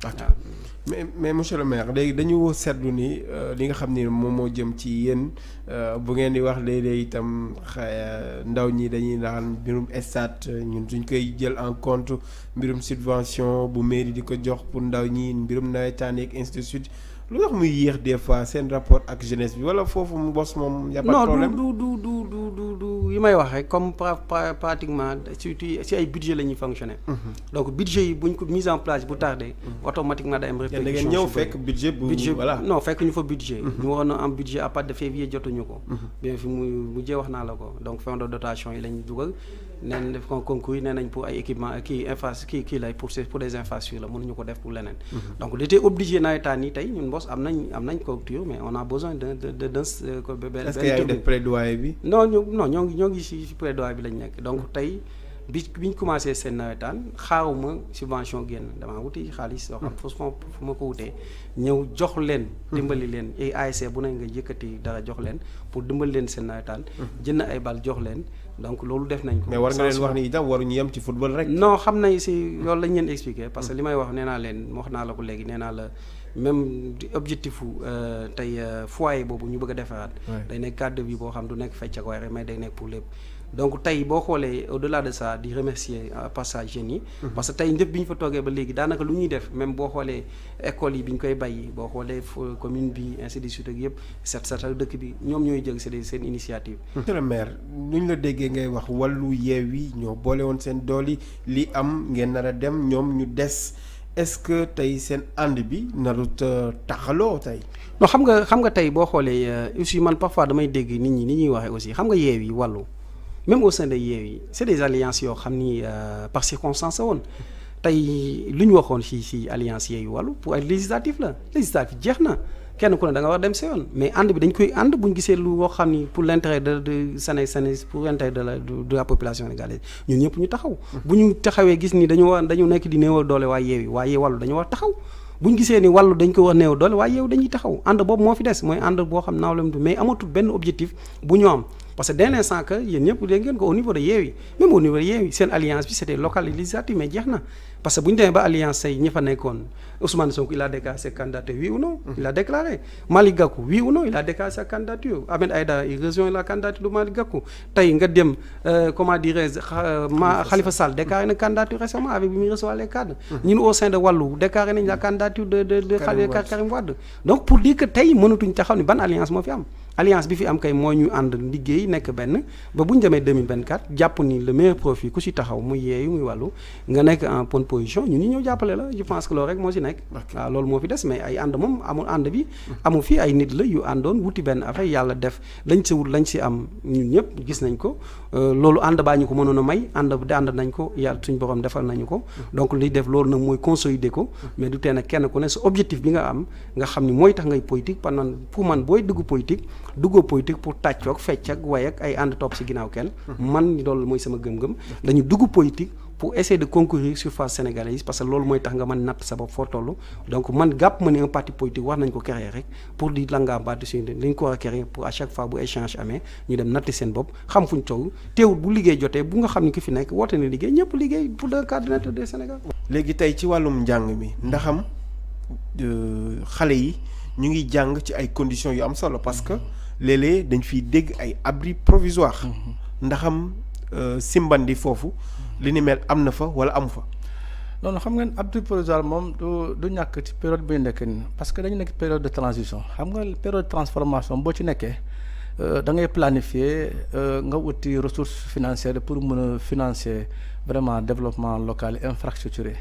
partout mais mais monsieur le maire léegi dañu seetlu ni euh, li nga xam ni moom moo jëm ci yéen euh, bu ngeen di wax léeg-léeg itam ndaw ñi dañuy naan mbirum estat ñun duñ koy jël en compte mbirum subvention bu mairie di ko jox pour ndaw ñi mbirum nawetaan yeeg ainsi lu tax muy yéex des fois seen rapport ak jeunesse bi wala foofu mu bos moom. y a du du du du yi may wax rek comme pratiquement surtout si ay budget la ñuy fonctionner. Mhm. donc budget yi bu ñu ko mise en place bu tardé. Mhm. automatiquement day am répercussion da ngeen ñëw fekk budget bu fekk ñu fa budget. Mhm. ñu waroon a am budget ko. fi mu mujjee wax naa la ko donc fonds de dotation yi lañu dugal. neen def concours yi nee nañ pour équipement kii infas kii kii lay pour pour des infrastructures la mënuñu ko def pour leneen mhm. donc li tey obligé nawetaan yi tey ñun Mboss am nañ am nañ couverture mais on a besoin d'un d'un d'un est-ce bi non ñoo ngi ñoo ngi si plaidoyer bi lañ nekk donc mhm. tey bi bi ñu commencé seen xaaw ma subvention génn damaa wuti xaalis yoo xam mhm. fu ma ko wutee ñëw jox leen dimbali leen ay bu ne nga yëkkati dara jox leen pour dimbali leen seen nawetaan jënd ay bal jox leen donc loolu def nañ ko. mais war nga leen wax ni itam waruñu yem ci football rek. non xam nañ si loolu lañ leen expliqué. parce que mm. li may wax nee naa leen wax naa la ko léegi nee naa la même objectif fu euh, tey euh, foyer boobu ñu bëgg a defaraat. day nekk cadre bi boo xam du nekk fecc ak waaye rek mais day nekk pour lépp. donc tey boo xoolee au delà de ça di remercier euh, passage jeunes yi mhm. parce que tey ñëpp bi ñu fa toogee ba léegi daanaka lu ñuy def même boo xoolee école yi bi ñu koy bàyyi boo xoolee commune bi ainsi de suite ak yëpp set setal dëkk bi ñoom ñooy jël seen seen initiative hmm. monsieur le maire nu ñu la déggee ngay wax wallu yeew yi ñoo boole woon seen dool yi li am ngeen nar a dem ñoom ñu des est-ce que tey seen ànd bi narut euh, taxaloo tey. non xam nga xam nga tey boo xoolee euh, aussi man parfois damay dégg nit ñi ni ñuy waxee aussi xam yeew yi wàllu. même au sein de Yewwi c'est yoo xam ni euh, par circonstance woon tey lu ñu waxoon ci ci alliance Yewwi Wallu pour ay législatif la législatif jeex na kenn ku ne da war dem sa mais ànd bi dañ koy ànd bu ñu lu woo xam ni pour l'intérêt de de Séné Séné pour l'intérêt de la de la ñëpp ñu taxaw. bu ñu taxawee gis ni dañu war dañu nekk di néewal doole waa waaye Wallu dañu war taxaw. bu ñu gisee ni wàllu ko war néew doole waaye yow dañuy taxaw ànd boobu moo fi des mooy ànd boo xam naawlam du mais amatul benn objectif bu ñu am parce que dès l'instant que yéen ñëpp dégg ngeen ko au niveau de Yewwi même au niveau de Yewwi seen alliance bi c'était local législative mais jeex na parce que bu ñu demee ba alliance say ñi fa nekkoon Ousmane Sonko il a déclaré sa candidature oui ou non il a déclaré Malick Gakou a déclaré sa candidature Ahmed Aïdara il rejoint la candidature de Malick Gakou nga dem euh, comment dirais-je euh, ma Khalifa Sall avec bi muy recevoir les cadres ñun au sein de alliance bi fi am kay moo ñu ànd liggéey nekk benn ba bu ñu demee 2024 jàpp ni le meilleur profit ku si taxaw muy yeeyu muy wàllu nga nekk en bonne position ñu ni ñëw jàppale la je pense que loolu rek moo si nekk. waaw loolu moo fi des mais ay ànd moom amul ànd bi. amul fii ay nit la yu àndoon wuti benn affaire yàlla def lañ si wut lañ si am ñun ñëpp gis nañ ko euh, loolu ànd baa ñu ko mënoon a may ànd ànd nañ ko yàlla suñ borom defal nañu ko. donc li def loolu nag mooy consolider ko. mais du tee nag kenn ku ne sa objectif bi nga am nga xam ni mooy tax ngay politique pendant pour man booy dugg politique. duggoo politique pour tàccoo ak fecc ak way ak ay ànd topp si ginnaaw kenn. man loolu mooy sama gëm-gëm. dañu dugg politique pour essayer de concourir sur face sénégalaise parce que loolu mooy tax nga mën natt sa bopp foo toll. donc man gàpp ma ne un parti politique war nañ ko créer rek pour di langaambaat di suñu dañ ko war a créer pour à chaque fois bu échange amee ñu dem natti seen bopp xam fuñ toll teewul bu liggéey jotee bu nga xam ni ki fi nekk woote na liggéey ñëpp liggéey pour le cadre net de Sénégal. léegi tey ci wàllum njàng mi ndaxam euh, xale yi ñu ngi jàng ci ay conditions yu am solo parce que. léeg-léeg dañ fiy dégg ay abri provisoire mhm. ndaxam euh, simbandi foofu li ni mel am na fa wala amu fa noonu xam ngeen abri provisoire moom du ñàkk ci période bi nekk nii parce que dañu nekk période de transition xam nga période de transformation boo ci nekkee euh, da ngay planifier euh, nga wuti ressource financières pour mën a financer vraiment développement locale et infrastructuré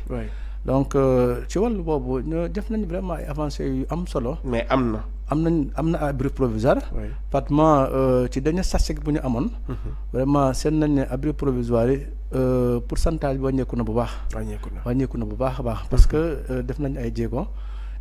donc ci wàllu boobu ñu def nañ vraiment ay avancées yu am solo mais am na am nañ am na abri provisoire. pratiquement euh, ci dañu sasek bu ñu amoon. Mhm. vraiment seen nañ ne abri provisoire yi euh, pourcentage bi wàññeeku na bu baax. wàññeeku na wàññeeku na bu baax a baax. parce mhm. que euh, def nañ ay jéego.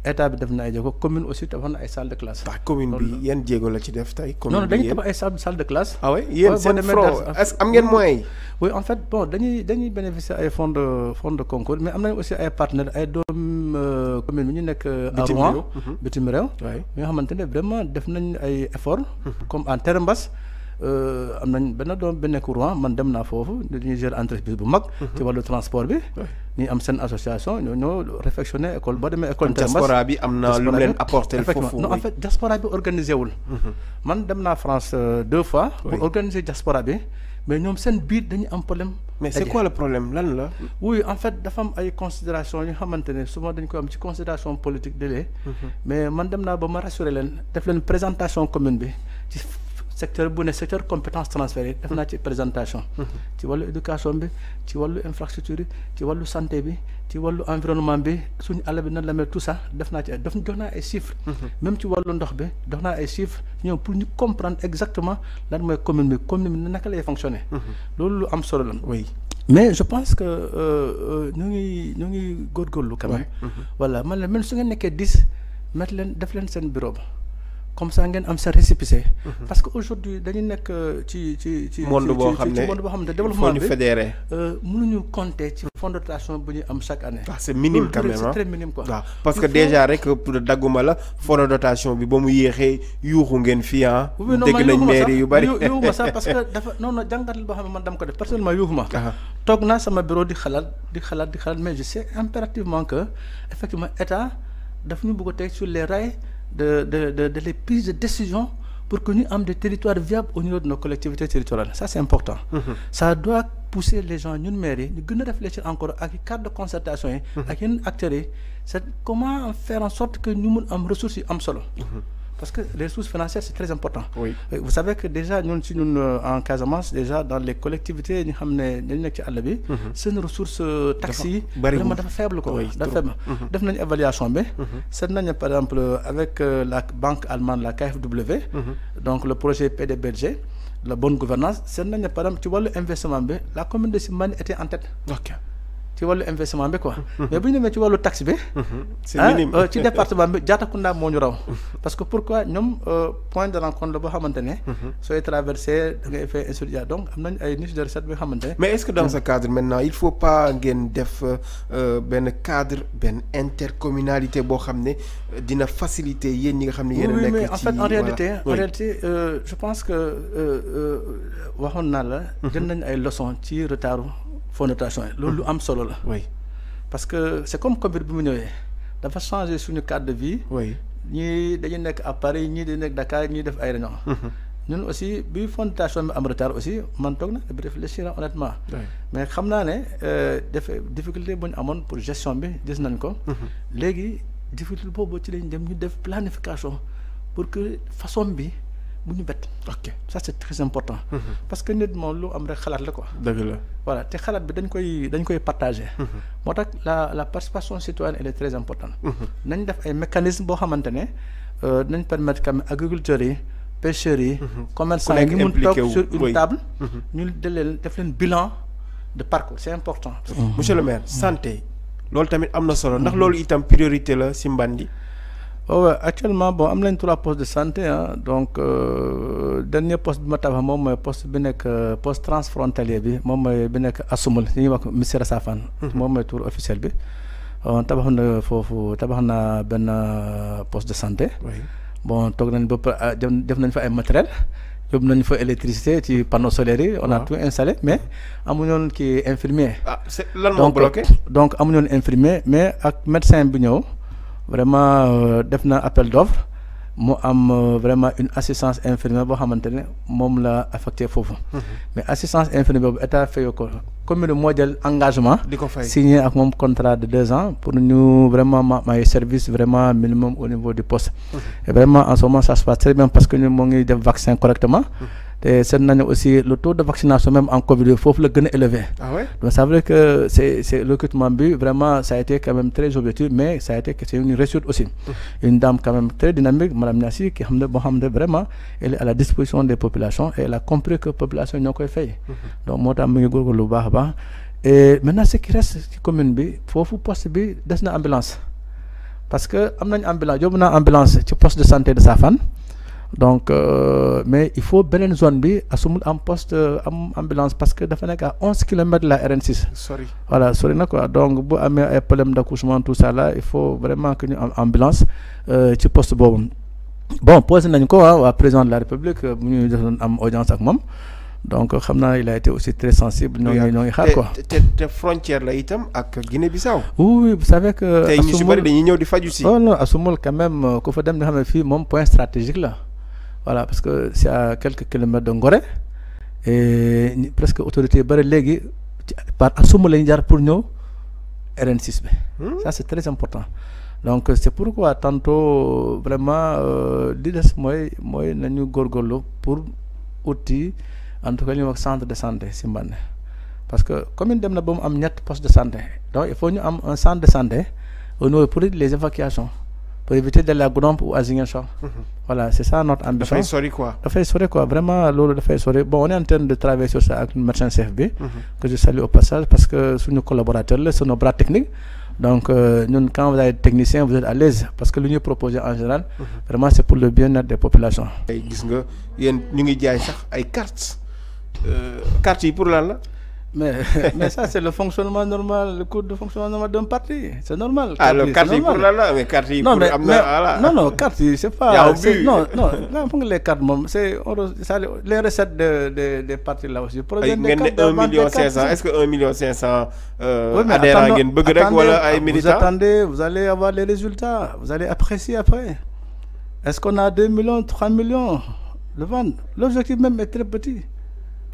état bi def na ay jéego commune aussi tabax na ay salle de classe. commune bi yan jéego la ci def tey. commune bi yéen non dañuy tabax ay ah am ngeen moyens yi. oui en fait bon dañuy dañuy bénéficier ay fonds de fonds de concours mais am nañu aussi ay partenaires ay doom euh, commune bi ñu nekk. Euh, à Rouen mhm. bitim réew. waaw ñoo xamante ne vraiment def nañ ay efforts. Mhm. comme en Terembas. Euh, am nañ benn doom benn courant man dem naa foofu dañuy gérer entreprise bu mag. Mhm. ci wàllu transport bi. ñuy am seen association ñoo ñoo réfectionné école boo demee école. termas diaspora bi am na lu mu leen apporté foofu non en fait bi mhm. man dem naa France euh, deux fois. pour organiser diaspora mais ñoom seen biir dañu am problème. mais c'est quoi le problème lan la. oui en fait dafa am ay considération yoo xamante ne souvent dañ koy am ci considération politique de mhm. mais man dem naa ba ma rassurer leen def leen présentation commune bi secteur bu ne secteur compétence transférée def naa ci présentation mhm. ci wàllu éducation bi ci wàllu infrastructure yi ci wàllu santé bi ci wàllu environnement bi suñu àll bi nan la mel tout ça def naa ci def jox naa ay chiffres mhm. même ci wàllu ndox bi jox naa ay chiffres ñoom ñu comprendre exactement lan mooy commune bi commune bi naka lay fonctionner mhm. loolu lu am solo la mais je pense que euh, euh, ñu ngi ñu ngi góorgóorlu quand même voilà man la même su ngeen nekkee dix mettre leen def comme ça ngeen am sa récépissé. Mhm. parce que aujourd'hui dañu nekk euh, ci ci ci. monde boo xam ne ci monde boo xam ne développement bi fédéré. Euh, mënuñu compter ci fonds de dotation bu ñuy am chaque année. waaw ah, c'est minime quand même c'est très minime quoi. waaw parce que déjà rek dagguma la fonds de dotation bi ba mu yéexee yuuxu ngeen fii ah. dégg nañ mairie yu bari yuuxuma sax parce que dafa non non jàngat boo xam ne man dama ko def personnellement yuuxuma. Ah. toog naa sama bureau di xalaat di xalaat di xalaat mais je sais impérativement que effectivement état daf ñu bëgg a teg sur les rails. de, de, de, de les prises de décision pour que nous ayons des territoires viables au niveau de nos collectivités territoriales. Ça, c'est important. Mm -hmm. Ça doit pousser les gens, nous, mairie, de réfléchir encore à quel cadre de concertation, à quel acteur, comment faire en sorte que ñu mun am ressources am solo. Mm-hmm. parce que les ressources financières c'est très important. vous savez que déjà ñun si ñun euh, en Casamance déjà dans les collectivités ñu xam ne dañu nekk ci àll bi. Mhm. seen ressource euh, taxes yi. dafa faible ko dafa faible. Mhm. def nañu évaluation bi. Mhm. seet nañu par exemple avec euh, la banque allemande la KfW. donc le projet PDBG. la bonne gouvernance seet nañu par exemple ci wàllu investissement bi la commune de Simbani était en tête. ci wàllu investissement bi quoi. mais bu ñu demee ci wàllu taxe bi. c'est ah, minime euh, ci département bi Diattacounda moo ñu raw. parce que pourquoi ñoom euh, point de rencontre la boo xamante ne. Mhm. sooy traversé da ngay fay donc am nañ ay niche recette bi nga mais est-ce que dans hmm. ce cadre maintenant il faut pas ngeen def euh, benn cadre benn intercommunalité boo xam ne dina faciliter yéen ñi nga xam ne yéen a nekk ci mais en fait en réalité en réalité je waxoon naa la. jël mhm. nañ ay leçons ci retardu fond la. oui parce que c' comme Covid bi mu ñëwee dafa changer suñu cadre de vie. oui ñii dañuy nekk à Paris ñii dañuy nekk Dakar ñii def ay réunion. Mhm. ñun aussi bi fondation bi am retard aussi man toog na bi réfléchir honnêtement. mais xam naa ne euh, dafa difficulté bu amoon pour gestion bi gis nañ ko. Mhm. léegi difficulté boobu ci lañ dem ñu def planification pour que façon bi. bu ñu bett. ok ça c'est très important. Mm-hmm. parce que nit moom lu am rek xalaat la quoi. dëgg la voilà te xalaat bi dañ koy dañ koy partager. Mm-hmm. moo tax la la participation citoyenne elle est très importante. Mm-hmm. nañ def ay mécanismes boo xamante ne euh, nañ permettre quand même agriculteurs yi. pêcheurs yi. commerçants yi mun toog sur une table. ñu deleen def leen bilan de parcours c'est important. monsieur le maire santé. loolu tamit am na solo ndax loolu itam priorité la si Mbandi. waaw actuellement bon am nañ trois postes de santé ah donc euh, dernier poste bi ma tabax moom mooy post bi nekk euh, poste transfrontalier bi moom mooy bi nekk Assoumal li ñuy wax Missirah Safane. Mhm. moom mooy tour officiel bi. Euh, tabax na foofu tabax na benn poste de santé. bon toog nañ ba ah, def nañ fa ay matériel yóbbu nañu fa électricité ci panneaux solaires yi. on a ah. tout installé mais amuñoon kii infirmier. ah lan moo bloqué donc amuñoon infirmier mais ak médecin bi ñëw. vraiment euh, def na appel d'offre mu am euh, vraiment une assistance infirmière boo xamante ne moom la affecté foofu. Mhm. mais assistance infirmière boobu état fayoo ko commune bi moo jël engagement. di ko fay signé ak moom contrat de deux ans pour ñu vraiment ma may service vraiment minimum au niveau du poste. Mhm. vraiment en ce moment ça se passe très bien parce que moo ngi def vaccin correctement. Mhm. te seet nañu aussi le taux de vaccination même en Covid bi foofu la gën a élevé. ah ouais donc ça veut dire que c' est c' bi vraiment ça a été quand même très a été c' aussi. Mmh. une dame quand très dynamique madame Niassi ki xam ne boo xam ne vraiment elle est à la disposition des populations et elle compris que population ñoo koy fay. Mmh. donc moo tax mu ngi góorgóorlu bu baax a baax. et maintenant ce qui reste ci commune bi foofu poste bi des na ambulance parce que am nañu ambulance yóbbu donc euh, mais il faut beneen zone bi asumul ah, am post euh, am ambulance parce que dafa nekk à onze kilomètres la RN6. sori voilà na quoi donc bu amee ay problème de accouchement tout ça là il faut vraiment que ñu am ambulance euh, ci poste boobu. bon posé nañ ko waa ah, waa président de la république bu ñu doon am audience ak moom donc xam naa il a été aussi très sensible. ñoo ngi ñoo ngi xaar quoi te te frontière la itam ak Guinée-Bissau. oui vous savez que. asumul tey ñu si dañuy ñëw di faju si. Oh non non même ku fa dem nga xam ne fii moom point stratégique la. voilà parce que c'est à quelques kilomètres de Ngoré et presque autorité yu bëri léegi par Assoume la ñu jaar pour ñëw RN6 bi. Hmm? ça c'est très important donc euh, c'est pourquoi tanto vraiment di euh, des mooy mooy nañu góorgóorlu pour outil en tout cas ñu wax centre de santé si Mbane parce que commune dem na ba mu am ñett poste de santé donc il faut ñu am un centre de santé au niveau pour les évacuations pour éviter de la Goudomp ou à Ziguinchor hmm. voilà c'est ça notre ambition dafay sori quoi dafay sori quoi vraiment loolu dafay sori bon on est en train de travailler sur ça ak médecin chef bi. Mhm. que je salue au passage parce que suñu collaborateur la suñu bras technique. donc euh, ñun quand vous technicien vous à l'aise parce que lu ñuy proposer en général. Mhm. vraiment c'est pour le bien-être des populations. gis nga ñu ngi jaay sax ay cartes euh, cartes yi pour lan la. mais mais ça c'est le fonctionnement normal le cours de fonctionnement normal d'un parti c'est normal. ah le parti pour la la mais carte ah, ah, yi. non non non carte yi c'est pas. non non non foog les cartes moom c'est on les recettes de de des partis là aussi. proviennent des cartes de vente des cartes ngeen ne 1 million 500 est-ce que 1 euh, bëgg rek wala ay militants vous attendez vous allez avoir les résultats vous allez apprécier après est-ce qu'on a 2 millions 3 millions de ventes l'objectif même est très petit.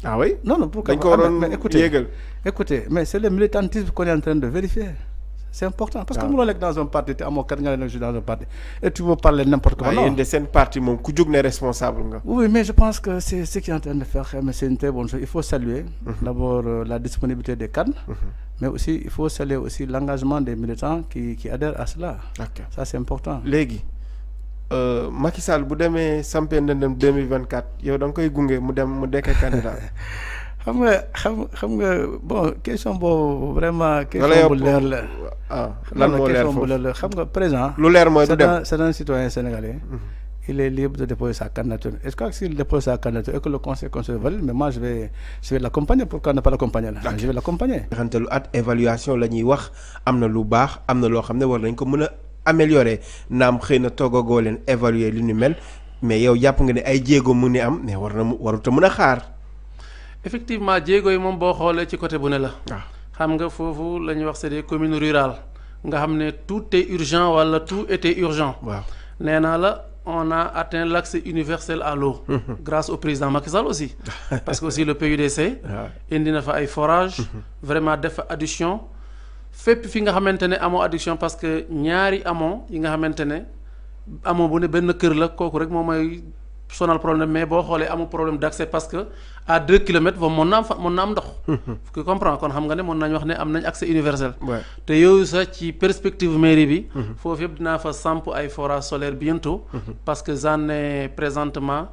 ah oui non non pourquoi ah, mais écoutez écoutez mais c'est le militantisme qu'on est en train de vérifier c'est important parce que ah. mënoo nekk dans un parti te amoo kat nga ne je et tu veux parler n'importe quoi ah, non yéen oui mais je pense que c'est ce qui en train de faire mais c'est une très bonne il faut saluer mhm. d'abord euh, la disponibilité des cadres mhm. mais aussi il faut saluer aussi l'engagement des militants qui qui à cela ça c'est important léegi Euh, Macky Sall bu demee sampee vingt 2024 yow da nga koy gunge mu dem mu dekk candidat xam nga xam xam nga bon question boobu vraiment. question bu leer la ah lan moo leer foofu la xam nga présent. lu leer mooy du dem c'est un citoyen sénégalais. Mhm. il est libre de déposer sa candidature est-ce que s'il dépose sa candidature et que le conseil constitutionnel valide mais moi je vais je vais l'accompagner pourquoi ne pas l'accompagner là je vais l'accompagner. xante lu at évaluation la ñuy wax am na lu baax am na loo xam ne war nañ ko mën a. amélioré naam xëy na toogagoo leen évaluer li nu mel mais yow jàpp nga ne ay jéego mu ni am mais war na mu waruta mën a xaar. effectivement jéego yi moom boo xoolee ci côté bu ne la. Ah. xam nga foofu la ñuy wax c'est des communes rurales nga xam ne tout est urgent wala tout était urgent. waaw nee naa la. on a atteint l'accès universel à l'eau mhm. grâce au président Macky Sall aussi parce que aussi le PUDC ah. indi na fa ay forage mhm. vraiment def fa addition fépp fi nga xamante ne amoo addiction parce que ñaari amoo yi nga xamante ne amoo bu ne benn kër la kooku rek moom mooy sonal problème mais boo xoolee amul problème d' accès parce que à deux kilomètres foofu mën na am fa mën na am ndox. ku comprend kon xam nga ne mën nañ wax ne am nañ accès universel. te yooyu sax ci perspective mairie bi. Mhm. foofu yëpp dinaa fa samp ay forage solaire bientôt. Mhm. parce que j'en ai présentement.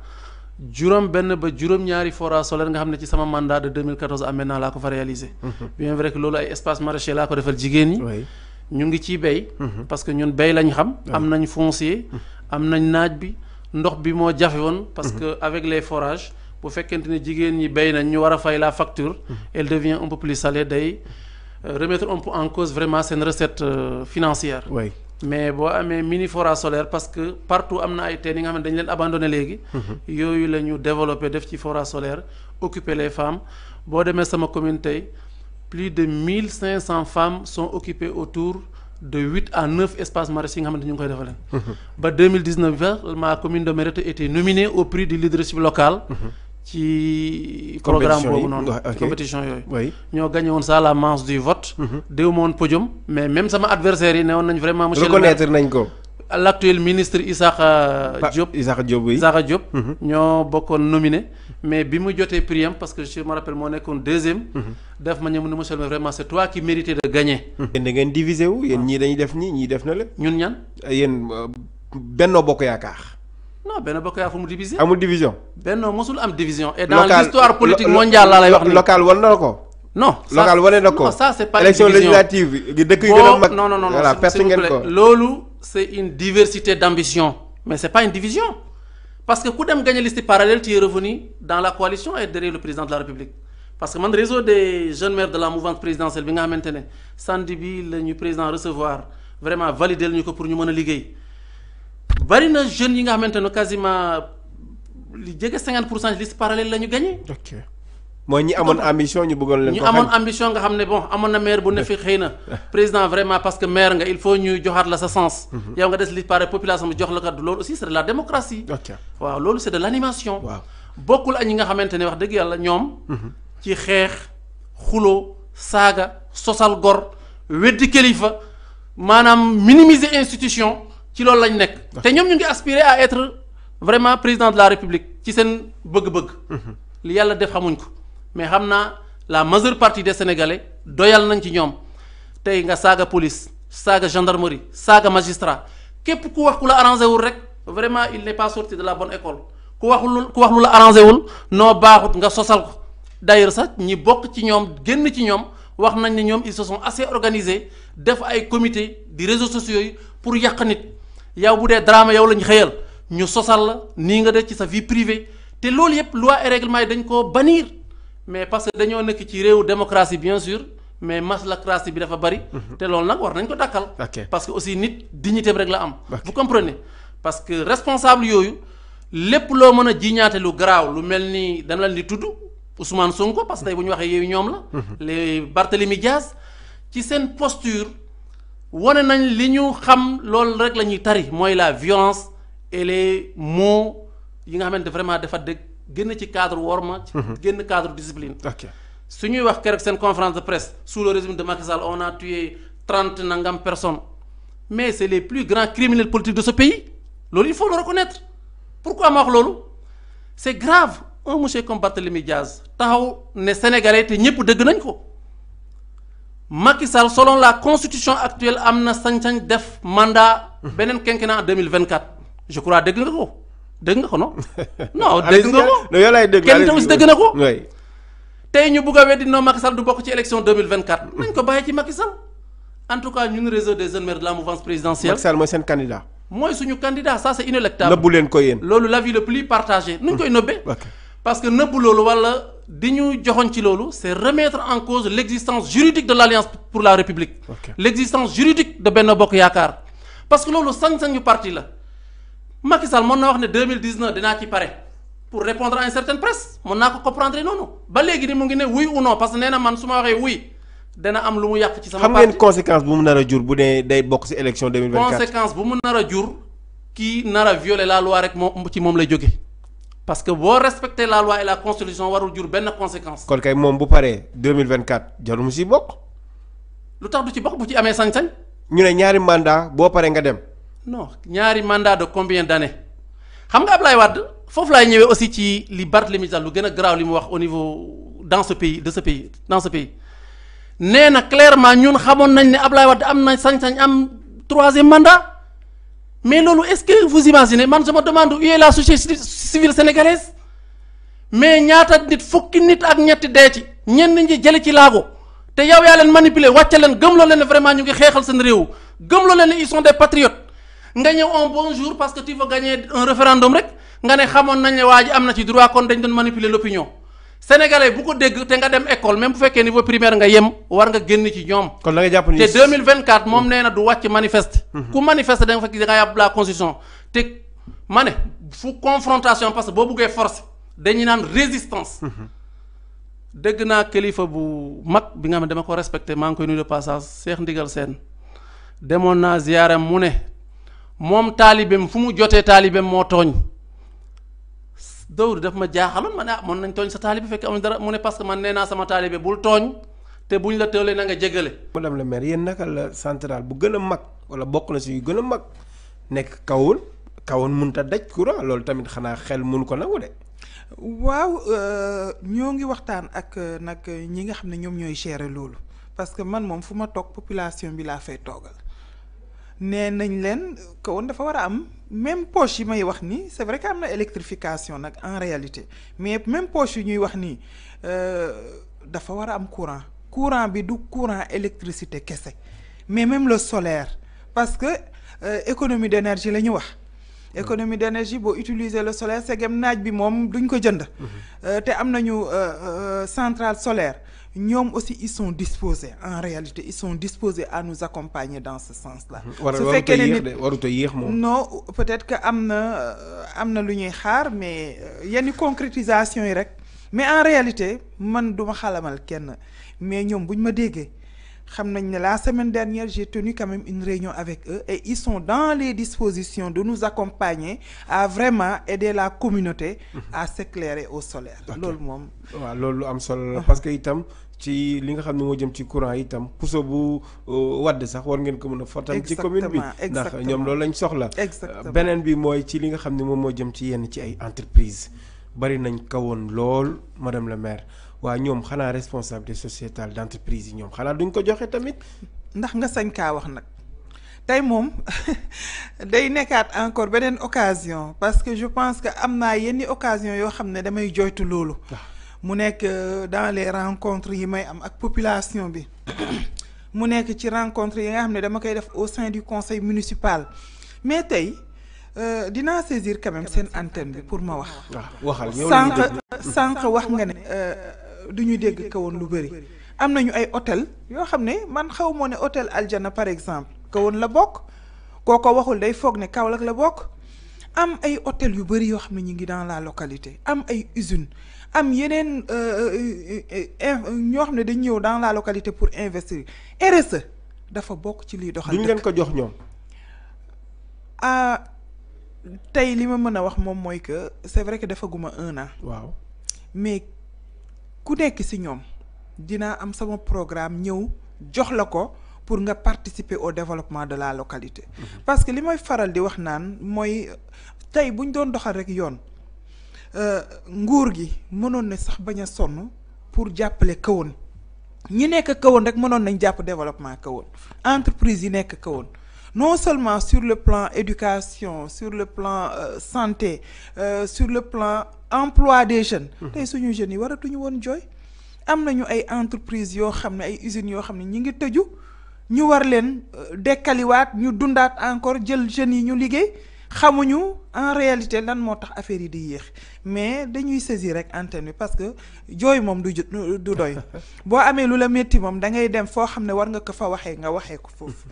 juróom benn ba juróom ñaari forage solaire nga xam ne ci sama mandat de 2014 à maintenant laa ko fa réalisé. Mhm. bien vrai que loolu ay espace maraîcher laa ko defal jigéen ñi. ñu ngi ciy béy. Mhm. parce que ñun béy lañ xam. am nañ foncier. Mhm. am nañ naaj bi ndox bi moo jafe woon. parce que avec les forages bu fekkente ne jigéen ñi béy nañ ñu war a fay la facture. elle devient un peu plus salée day euh, remettre un peu en cause vraiment seen recette euh, financière. mais boo amee mini forage solaire parce que partout am na ay teen yi nga xam ne dañu leen abandonné léegi. yooyu la ñu développé def ci forage solaire occuper les femmes boo demee sama commune tey plus de mille cinq cent femmes sont occupées autour de huit à neuf espaces maraîchers yi nga xamante ñu ngi koy defalee. Mhm. ba deux mille dix neuf ma commune de Mérite était nominée au prix du leadership local. Mhm. ci programme boobu noonu compétition yooyu ñoo gagné woon la manche du vote mhm. déw ma woon podium mais même sama adversaire yi ne woon nañ vraiment monsieur nañ ko l'actuel ministre Isaaxa Diop Isaaxa Diop Isaaxa Diop mhm. ñoo bokkoon nominé mais bi mu jotee prix parce que je me rappelle moo nekkoon deuxième mhm. def ma ñëw ne monsieur mais vraiment c'est toi qui mérité de gagner yéen da ngeen divisé wu yéen ah. ñii dañuy def nii ñii def na la ñun ñaan yéen euh, Benno Bokk Yaakaar non benn bokk yaa fu mu diviser. amul division. benn mosul am division. et dans l'histoire politique mondiale laa lay wax. local wan na ko. non local wane c'est pas élection législative dëkk yu gën a mag. non non non voilà perte ngeen ko loolu c'est une diversité d'ambition mais c'est pas une division parce que ku dem gagner liste parallèle tu es dans la coalition et derrière le président de la République. parce que man réseau des jeunes maires de la ko pour ñu mën a bari na jeunes yi nga xamante ne quasiment li jege 50 pour cent liste parallèle la ñu gagné. ok mooy ñi amoon ambition ñu bëggoon leen. ko ñu amoon ambition nga xam ne bon amoon na maire bu ne fi xëy na président vraiment parce que maire nga il faut ñu joxaat la sa sens. Mhm. yow nga des liste parallèle population bi jox la kat loolu aussi c'est de la démocratie. waaw loolu c'est de l'animation. bokkul ak ñi nga xamante ne wax dëgg yàlla ñoom. Mhm. ci xeex xuloo saaga sosal gor weddi kilifa maanaam minimiser institution. ci loolu lañ nekk. te ñoom ñu ngi aspirer à être vraiment président de la république ci seen bëgg-bëgg. Mhm. li yàlla def xamuñ ko mais xam naa la majeure partie de sénégalais doyal nañ ci ñoom tey nga saaga police saaga gendarmerie saaga magistrat képp ku wax ku la arrangé wul rek vraiment il n'est pas sorti de la bonne école ku wax lu ku wax lu la arrangé wul noo baaxut nga sosal ko d'ailleurs sax ñi bokk ci ñoom génn ci ñoom. wax nañ ne ñoom ils se sont assez organisés def ay comité di réseaux sociaux yi pour yàq nit yow bu dee drame yow lañ xëyal ñu sosal la nii nga def ci sa vie privée te loolu yëpp loi et dañ koo bannir mais parce que dañoo nekk ci réewu démocratie bien sûr mais maslacratie bi dafa bari. Mhm. te loolu nag war nañ ko dakkal. parce que aussi nit diñu dignité rek la am. bu comprenez parce que responsable yooyu lépp loo mën a jiñaate lu garaaw lu mel ni dana leen di tudd Ousmane Sonko parce que tey bu ñu waxee yooyu ñoom la. Mhm. les Barthélemy Diaz ci seen posture. wane nañ li ñu xam loolu rek la ñuy tari mooy la violence et les mots yi nga xam xamante vraiment dafa dëgg génn ci cadre worma. Mhm. génn cadre discipline. su ñuy wax keroog seen conférence de presse sous le régime de Macky Sall on a tué trente nangam personnes mais c' est les plus grands criminels politiques de ce pays loolu il faut le reconnaître pourquoi ma wax loolu c' est grave un monsieur comme Barthélémy Diaz taxaw ne sénégalais te ñëpp dëgg nañ ko. Macky Sall selon la constitution actuelle am na sañ-sañ def mandat beneen quinquennat en 2024 je crois dégg nga ko dégg nga ko non. non dégg nga ko non yow laay dégg kenn tamit si dégg na ko. tey ñu bugg a weddi non du bokk ci élection 2024. ko bàyyi ci Macky en tout cas ñun réseau des jeunes maires de la mouvance présidentielle. Macky mooy seen candidat. mooy suñu candidat ça c' est nëbbu leen ko yéen. loolu l' avis le plus partagé. nuñ koy nëbbee. parce di ñu joxoon ci loolu c'est remettre en cause l'existence juridique de l'Alliance pour la République okay. l'existence juridique de Benno Bokk Yaakaar parce que loolu sañ yu parti la Macky Sall mën na wax ne 2019 dinaa ci pare pour répondre à une certaine presse mën naa ko comprendre noonu ba léegi ni mu ngi ne oui ou non parce que nee na man su ma waxee oui dana am lu mu yàq ci sama parti xam ngeen conséquence bu mu nar a jur bu dee day bokk ci élection 2024 conséquence bu mu nar a jur kii la loi rek moo ci moom lay jóge parce que boo respecté la loi et la constitution warul jur benn conséquence. kon kay moom bu paree 2024 jarul mu si bokk. lu tax du ci bokk bu ci amee sañ-sañ. ñu ne ñaari mandat boo paree nga dem. non ñaari mandat de combien d'années xam nga Ablaye wadd foofu laay ñëwee aussi ci li Barthélémy Dias lu gën a garaaw li mu wax au niveau danse ce pays de ce pays dans pays nee na clairement ñun xamoon nañ ne Ablaye wadd am na sañ-sañ am troisième mandat. mais loolu est-ce que vous imaginez man je me demande où est la société civile sénégalaise mais ñaata nit fukki nit ak ñetti dee ci ñenn ñi jële ci laago te yow yaa leen manipuler wàcce leen gëmloo leen vraiment ñu ngi xeexal seen réew gëmloo leen ne ils sont des nga ñëw un bon jour parce que tu veux gagner un référendum rek nga ne xamoon nañ ne waa am na ci droit kon dañ doon manipuler l'opinion sénégalais bu ko dégg te nga dem école même bu fekkee niveau primaire nga yem war nga génn ci ñoom. kon la nga jàpp ni te 2024 moom nee na du wàcc mhm. ku manifeste da nga fekk da nga yàpp la constitution te ma ne fu confrontation parce que boo buggee force dañuy naan résistance. Mhm. dégg naa kilifa bu mag bi nga xam ne dama ko respecté maa ngi koy nuyu de passage Cheikh Ndigal Sène demoon naa ziaram mu ne moom taalibeem fu mu jotee taalibeem moo tooñ. door daf ma jaaxaloon ma ne ah mën nañ tooñ sa taalibe fekk amul dara mu ne parce que man nee naa sama taalibe bul tooñ te buñ la tëlee na nga jégale. madame la maire yéen naka la centrale bu gën a mag wala bokk na si yu gën mag nekk kawul kawoon mënut a daj courant loolu tamit xanaa xel munu ko nangu de. waaw euh, ñoo ngi waxtaan ak euh, nag ñi nga xam ne ñoom ñooy gérer loolu parce que man moom fu ma toog population bi laa fay toogal nee nañ leen kawoon dafa war a am. même poche yi may wax nii c'est vrai que am na électrification nag en réalité mais même poche yu ñuy wax nii euh, dafa war a am courant courant bi du courant électricité kese mais même le solaire parce que euh, économie d'énergie la ñu wax économie d'énergie boo utiliser le solaire segem naaj bi moom duñ ko jënd mhm. euh, te am nañu euh, centrale solaire ñoom aussi ils sont en réalité ils sont disposés à nous accompagner dans ce sens-là. su fekkee ne nit yéex moom. non peut-être que am na euh, am na lu ñuy xaar mais euh, yenn concrétisation yi rek mais en réalité man duma xalamal kenn mais ñoom bu ñu ma déggee. xam nañ ne la semaine dernière j'ai tenu quand même une réunion avec eux et ils sont dans les dispositions de nous accompagner à vraiment aider la communauté à s'éclairer au solaire loolu moom waaw loolu lu am solo la parce que itam ci li nga xam ne moo jëm ci courant itam puso bu euh, wadd sax war ngeen ko mën a fortam ci commune bi ndax ñoom loolu lañ soxla beneen bi mooy ci li nga xam ni moom moo jëm ci yenn ci ay entreprise bari nañ kawoon lool madame la maire waa ñoom xanaa responsabilité sociétale d'entreprise yi ñoom xanaa duñ ko joxe tamit. ndax nga sañ kaa wax nag tey moom day nekkaat encore beneen occasion parce que je pense que am naa yenni occasion yoo xam ne damay joytu loolu. Ah. mu nekk euh, dans les rencontres yi may am ak population bi mu nekk ci rencontre yi nga xam ne dama koy def au sein du conseil municipal mais tey euh, dinaa saisir quand seen antenne bi pour ma wax. waaw ah, waxal sànq sànq wax nga ne. Euh, du ñuy dégg woon lu bëri am nañu ay hôtel yoo xam ne man xaw moo ne hôtel Aljana par exemple woon la bokk koo ko waxul day foog ne Kaolack la bokk am ay hôtel yu bëri yoo xam ne ñu ngi dans la localité am ay usines am yeneen euh, euh, euh, ñoo xam ne dañ ñëw dans la localité pour investir RSE dafa bokk ci liy doxal. duñ leen ko jox ñoom. ah tey li ma mën a wax moom mooy que c'est vrai que defaguma guma un an. waaw ku nekk ci ñoom dinaa am sama programme ñëw jox la ko pour nga participer au développement de la localité. Mhm. parce que li may faral di wax naan mooy tey bu ñu doon doxal rek yoon euh, nguur gi mënoon na sax bañ a sonn pour jàppale kawoon ñi nekk kawoon rek mënoon nañ jàpp développement kawoon entreprise yi nekk kawoon. non seulement sur le plan éducation sur le plan euh, santé euh, sur le plan emploi des jeunes tey suñu jeunes yi waratuñu woon jooy am na ñu ay entreprise yoo xam ne ay usines yoo xam ne ñi ngi tëju ñu war leen euh, dekkaliwaat ñu dundaat encore jël jeunes yi ñu liggéey xamuñu en réalité lan moo tax affaire yi di yéex mais dañuy saisir rek antenne bi parce que jooy moom du du doy boo amee lu la métti moom da ngay dem foo xam ne war nga ko fa waxee nga waxee ko foofu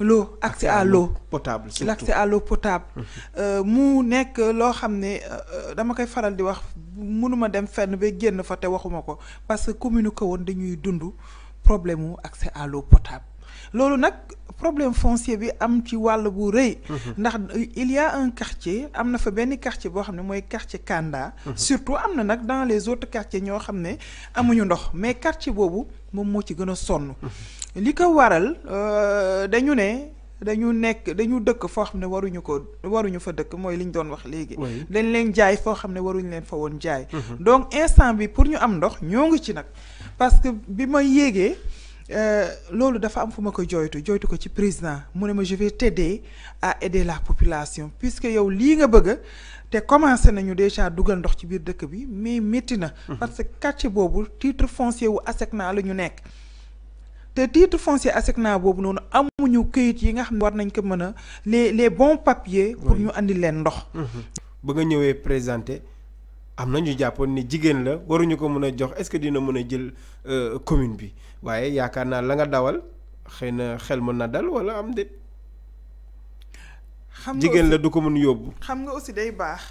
loo accès à l'eau potable surtout l'accès à l'eau potable euh, mu nekk loo xam ne euh, euh, dama koy faral di wax mënuma dem fenn ba génn fa te waxuma ko parce que commune ko woon dañuy dund problème mu accès à l'eau potable loolu nag problème foncier bi am ci wàll bu rëy ndax il y a un quartier am na fa benn quartier boo xam ne mooy quartier Kanda surtout am na nag dans les autres quartiers ñoo xam ne amuñu ndox mais quartier boobu moom moo ci gën a sonn li ko waral euh, dañu ne dañu nekk dañu dëkk foo xam ne waruñu ko waruñu fa dëkk mooy li ñu doon wax léegi. dañ leen jaay foo xam ne waruñu leen fa woon jaay. Mhm. donc instant bi pour ñu am ndox ñoo ngi ci nag. parce que bi ma yéegee euh, loolu dafa am fu ma ko jooytu jooytu ko ci président mu ne ma je vais t'aider à aider la population puisque yow lii nga bëgg. te commencé nañu déjà dugal ndox ci biir dëkk bi mais métti na. Mhm. parce que quartier boobu titre foncier wu ASECNA la ñu nekk. te titre foncier ASECNA boobu noonu amuñu këyit yi nga xam ne war nañ ko mën a les les bons papiers. pour ñu indi leen ndox. Mhm. ba nga ñëwee présenté am na ñu jàppoon ni jigéen la waruñu ko mën a jox est-ce que dina mën a jël euh, commune bi waaye yaakaar naa la nga dawal xëy na xel mën na dal walla am déet. xam nga jigéen la du ko mën yóbbu. xam nga aussi day baax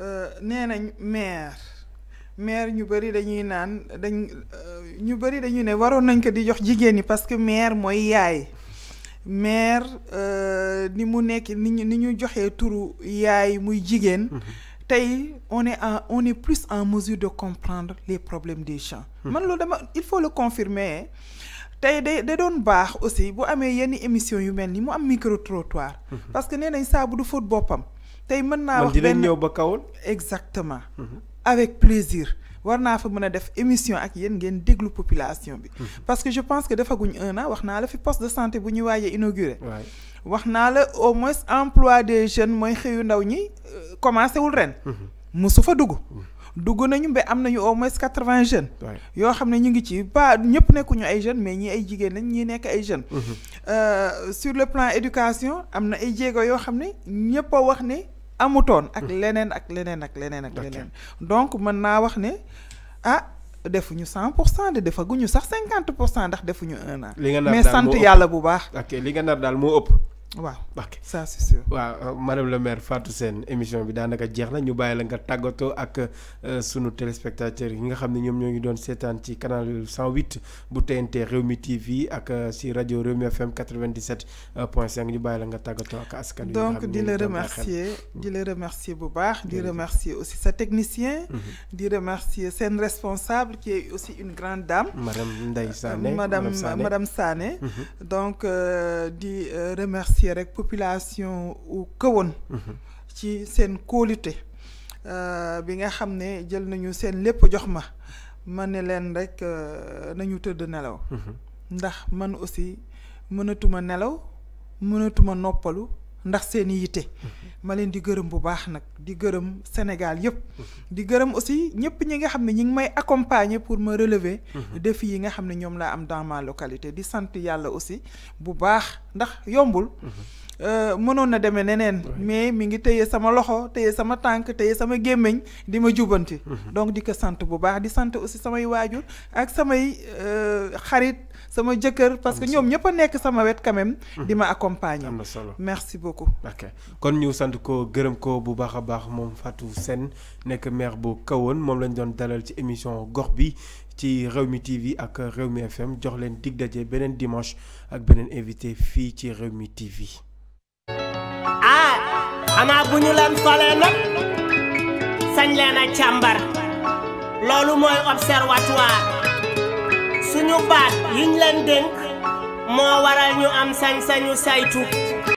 euh, nee nañ maire. maire ñu bëri dañuy naan dañ euh, ñu bëri dañuy ne waroon nañ ko di jox jigéen ñi parce que maire mooy yaay maire euh, ni mu nekk ni ñu ni ñu joxee turu yaay muy jigéen mhm. tey on est en on est plus en mesure de comprendre les problèmes des gens mhm. man loolu dama il faut le confirmer tey day da doon baax aussi bu amee yenn émission yu mel ni mu am micro trottoir mhm. parce que nee nañ saabu du fóot boppam tey mën naa wax benn ñëw ba kawul exactement avec plaisir war naa fa mën a def émission ak yéen ngeen déglu population bi. Mm-hmm. parce que je pense que defaguñ un wax naa la fi poste de santé bu ñu waajee inauguré. wax naa la au moins emploi des jeunes mooy xëyu ndaw ñi euh, commencé wul ren. musu mm-hmm. fa dugg. Mm-hmm. dugg nañu ba am nañu au moins quatre vingt jeunes. yoo xam ne ñu ngi ci pas ñëpp nekkuñu ay jeunes mais ñii ay jigéen lañ ñii nekk ay jeunes. Euh, sur le plan éducation am na ay jéego yoo xam ne ñëpp a wax ne. amutoon ak mm. leneen ak leneen ak leneen ak leneen donc mën naa wax ne ah defuñu cent pour cent de defaguñu sax cinquante pour cent ndax defuñu un an mais sant yàlla bu baax ok li nga nar daal moo ëpp waaw ok ça c'est sûr. waaw euh, madame le maire Fatou Sène émission bi daanaka jeex na ñu bàyyi la nga tàggatoo ak euh, sunu téléspectateurs yi nga xam ne ñoom ñoo ngi doon seetaan ci canal 108 bu TNT mi TV ak si euh, rajo Rewmi FM 97.5 ñu bàyyi la nga tàggatoo ak askan wi. donc di la remercier di la bu baax. di remercier aussi sa technicien. Mm-hmm. di remercier seen responsable qui aussi une grande dame. madame Ndeye Sané madame madame Sané. Mm-hmm. donc di remercier. remercier rek population u Kahone mhm. ci seen kóolute euh, bi nga xam ne jël nañu seen lépp jox ma ma ne leen rek euh, nañu tëdd nelaw mhm. ndax man aussi mënatuma nelaw mënatuma noppalu ndax seen i yitte ma leen di gërëm bu baax nag di gërëm Sénégal yëpp di gërëm aussi ñëpp ñi nga xam ne ñi ngi may accompagner pour ma relever défis yi nga xam ne ñoom laa am dans localité di sant yàlla aussi bu baax ndax yombul Euh, mënoon na demee neneen mais mi ngi téye sama loxo téye sama tànk téye sama gémmiñ di ma jubanti mhm. donc di ko sant bu baax di sant aussi samay waajur ak samay euh, xarit sama jëkkër parce que ñoom ñëpp a nekk sama wet quand mhm. di ma accompagner na solo merci beaucoup ok kon ñu sant ko gërëm ko bu baax a baax moom fàttu seen nekk maire bu kawoon moom lañ doon dalal ci émission gox bi ci Rewmi TV ak réew mi FM jox leen dig daje beneen dimanche ak beneen invité fii ci Rewmi TV ah xanaa bu ñu leen nag sañ leen a loolu mooy observatoire suñu baat yiñ leen dénk moo waral am sañ-sañu saytu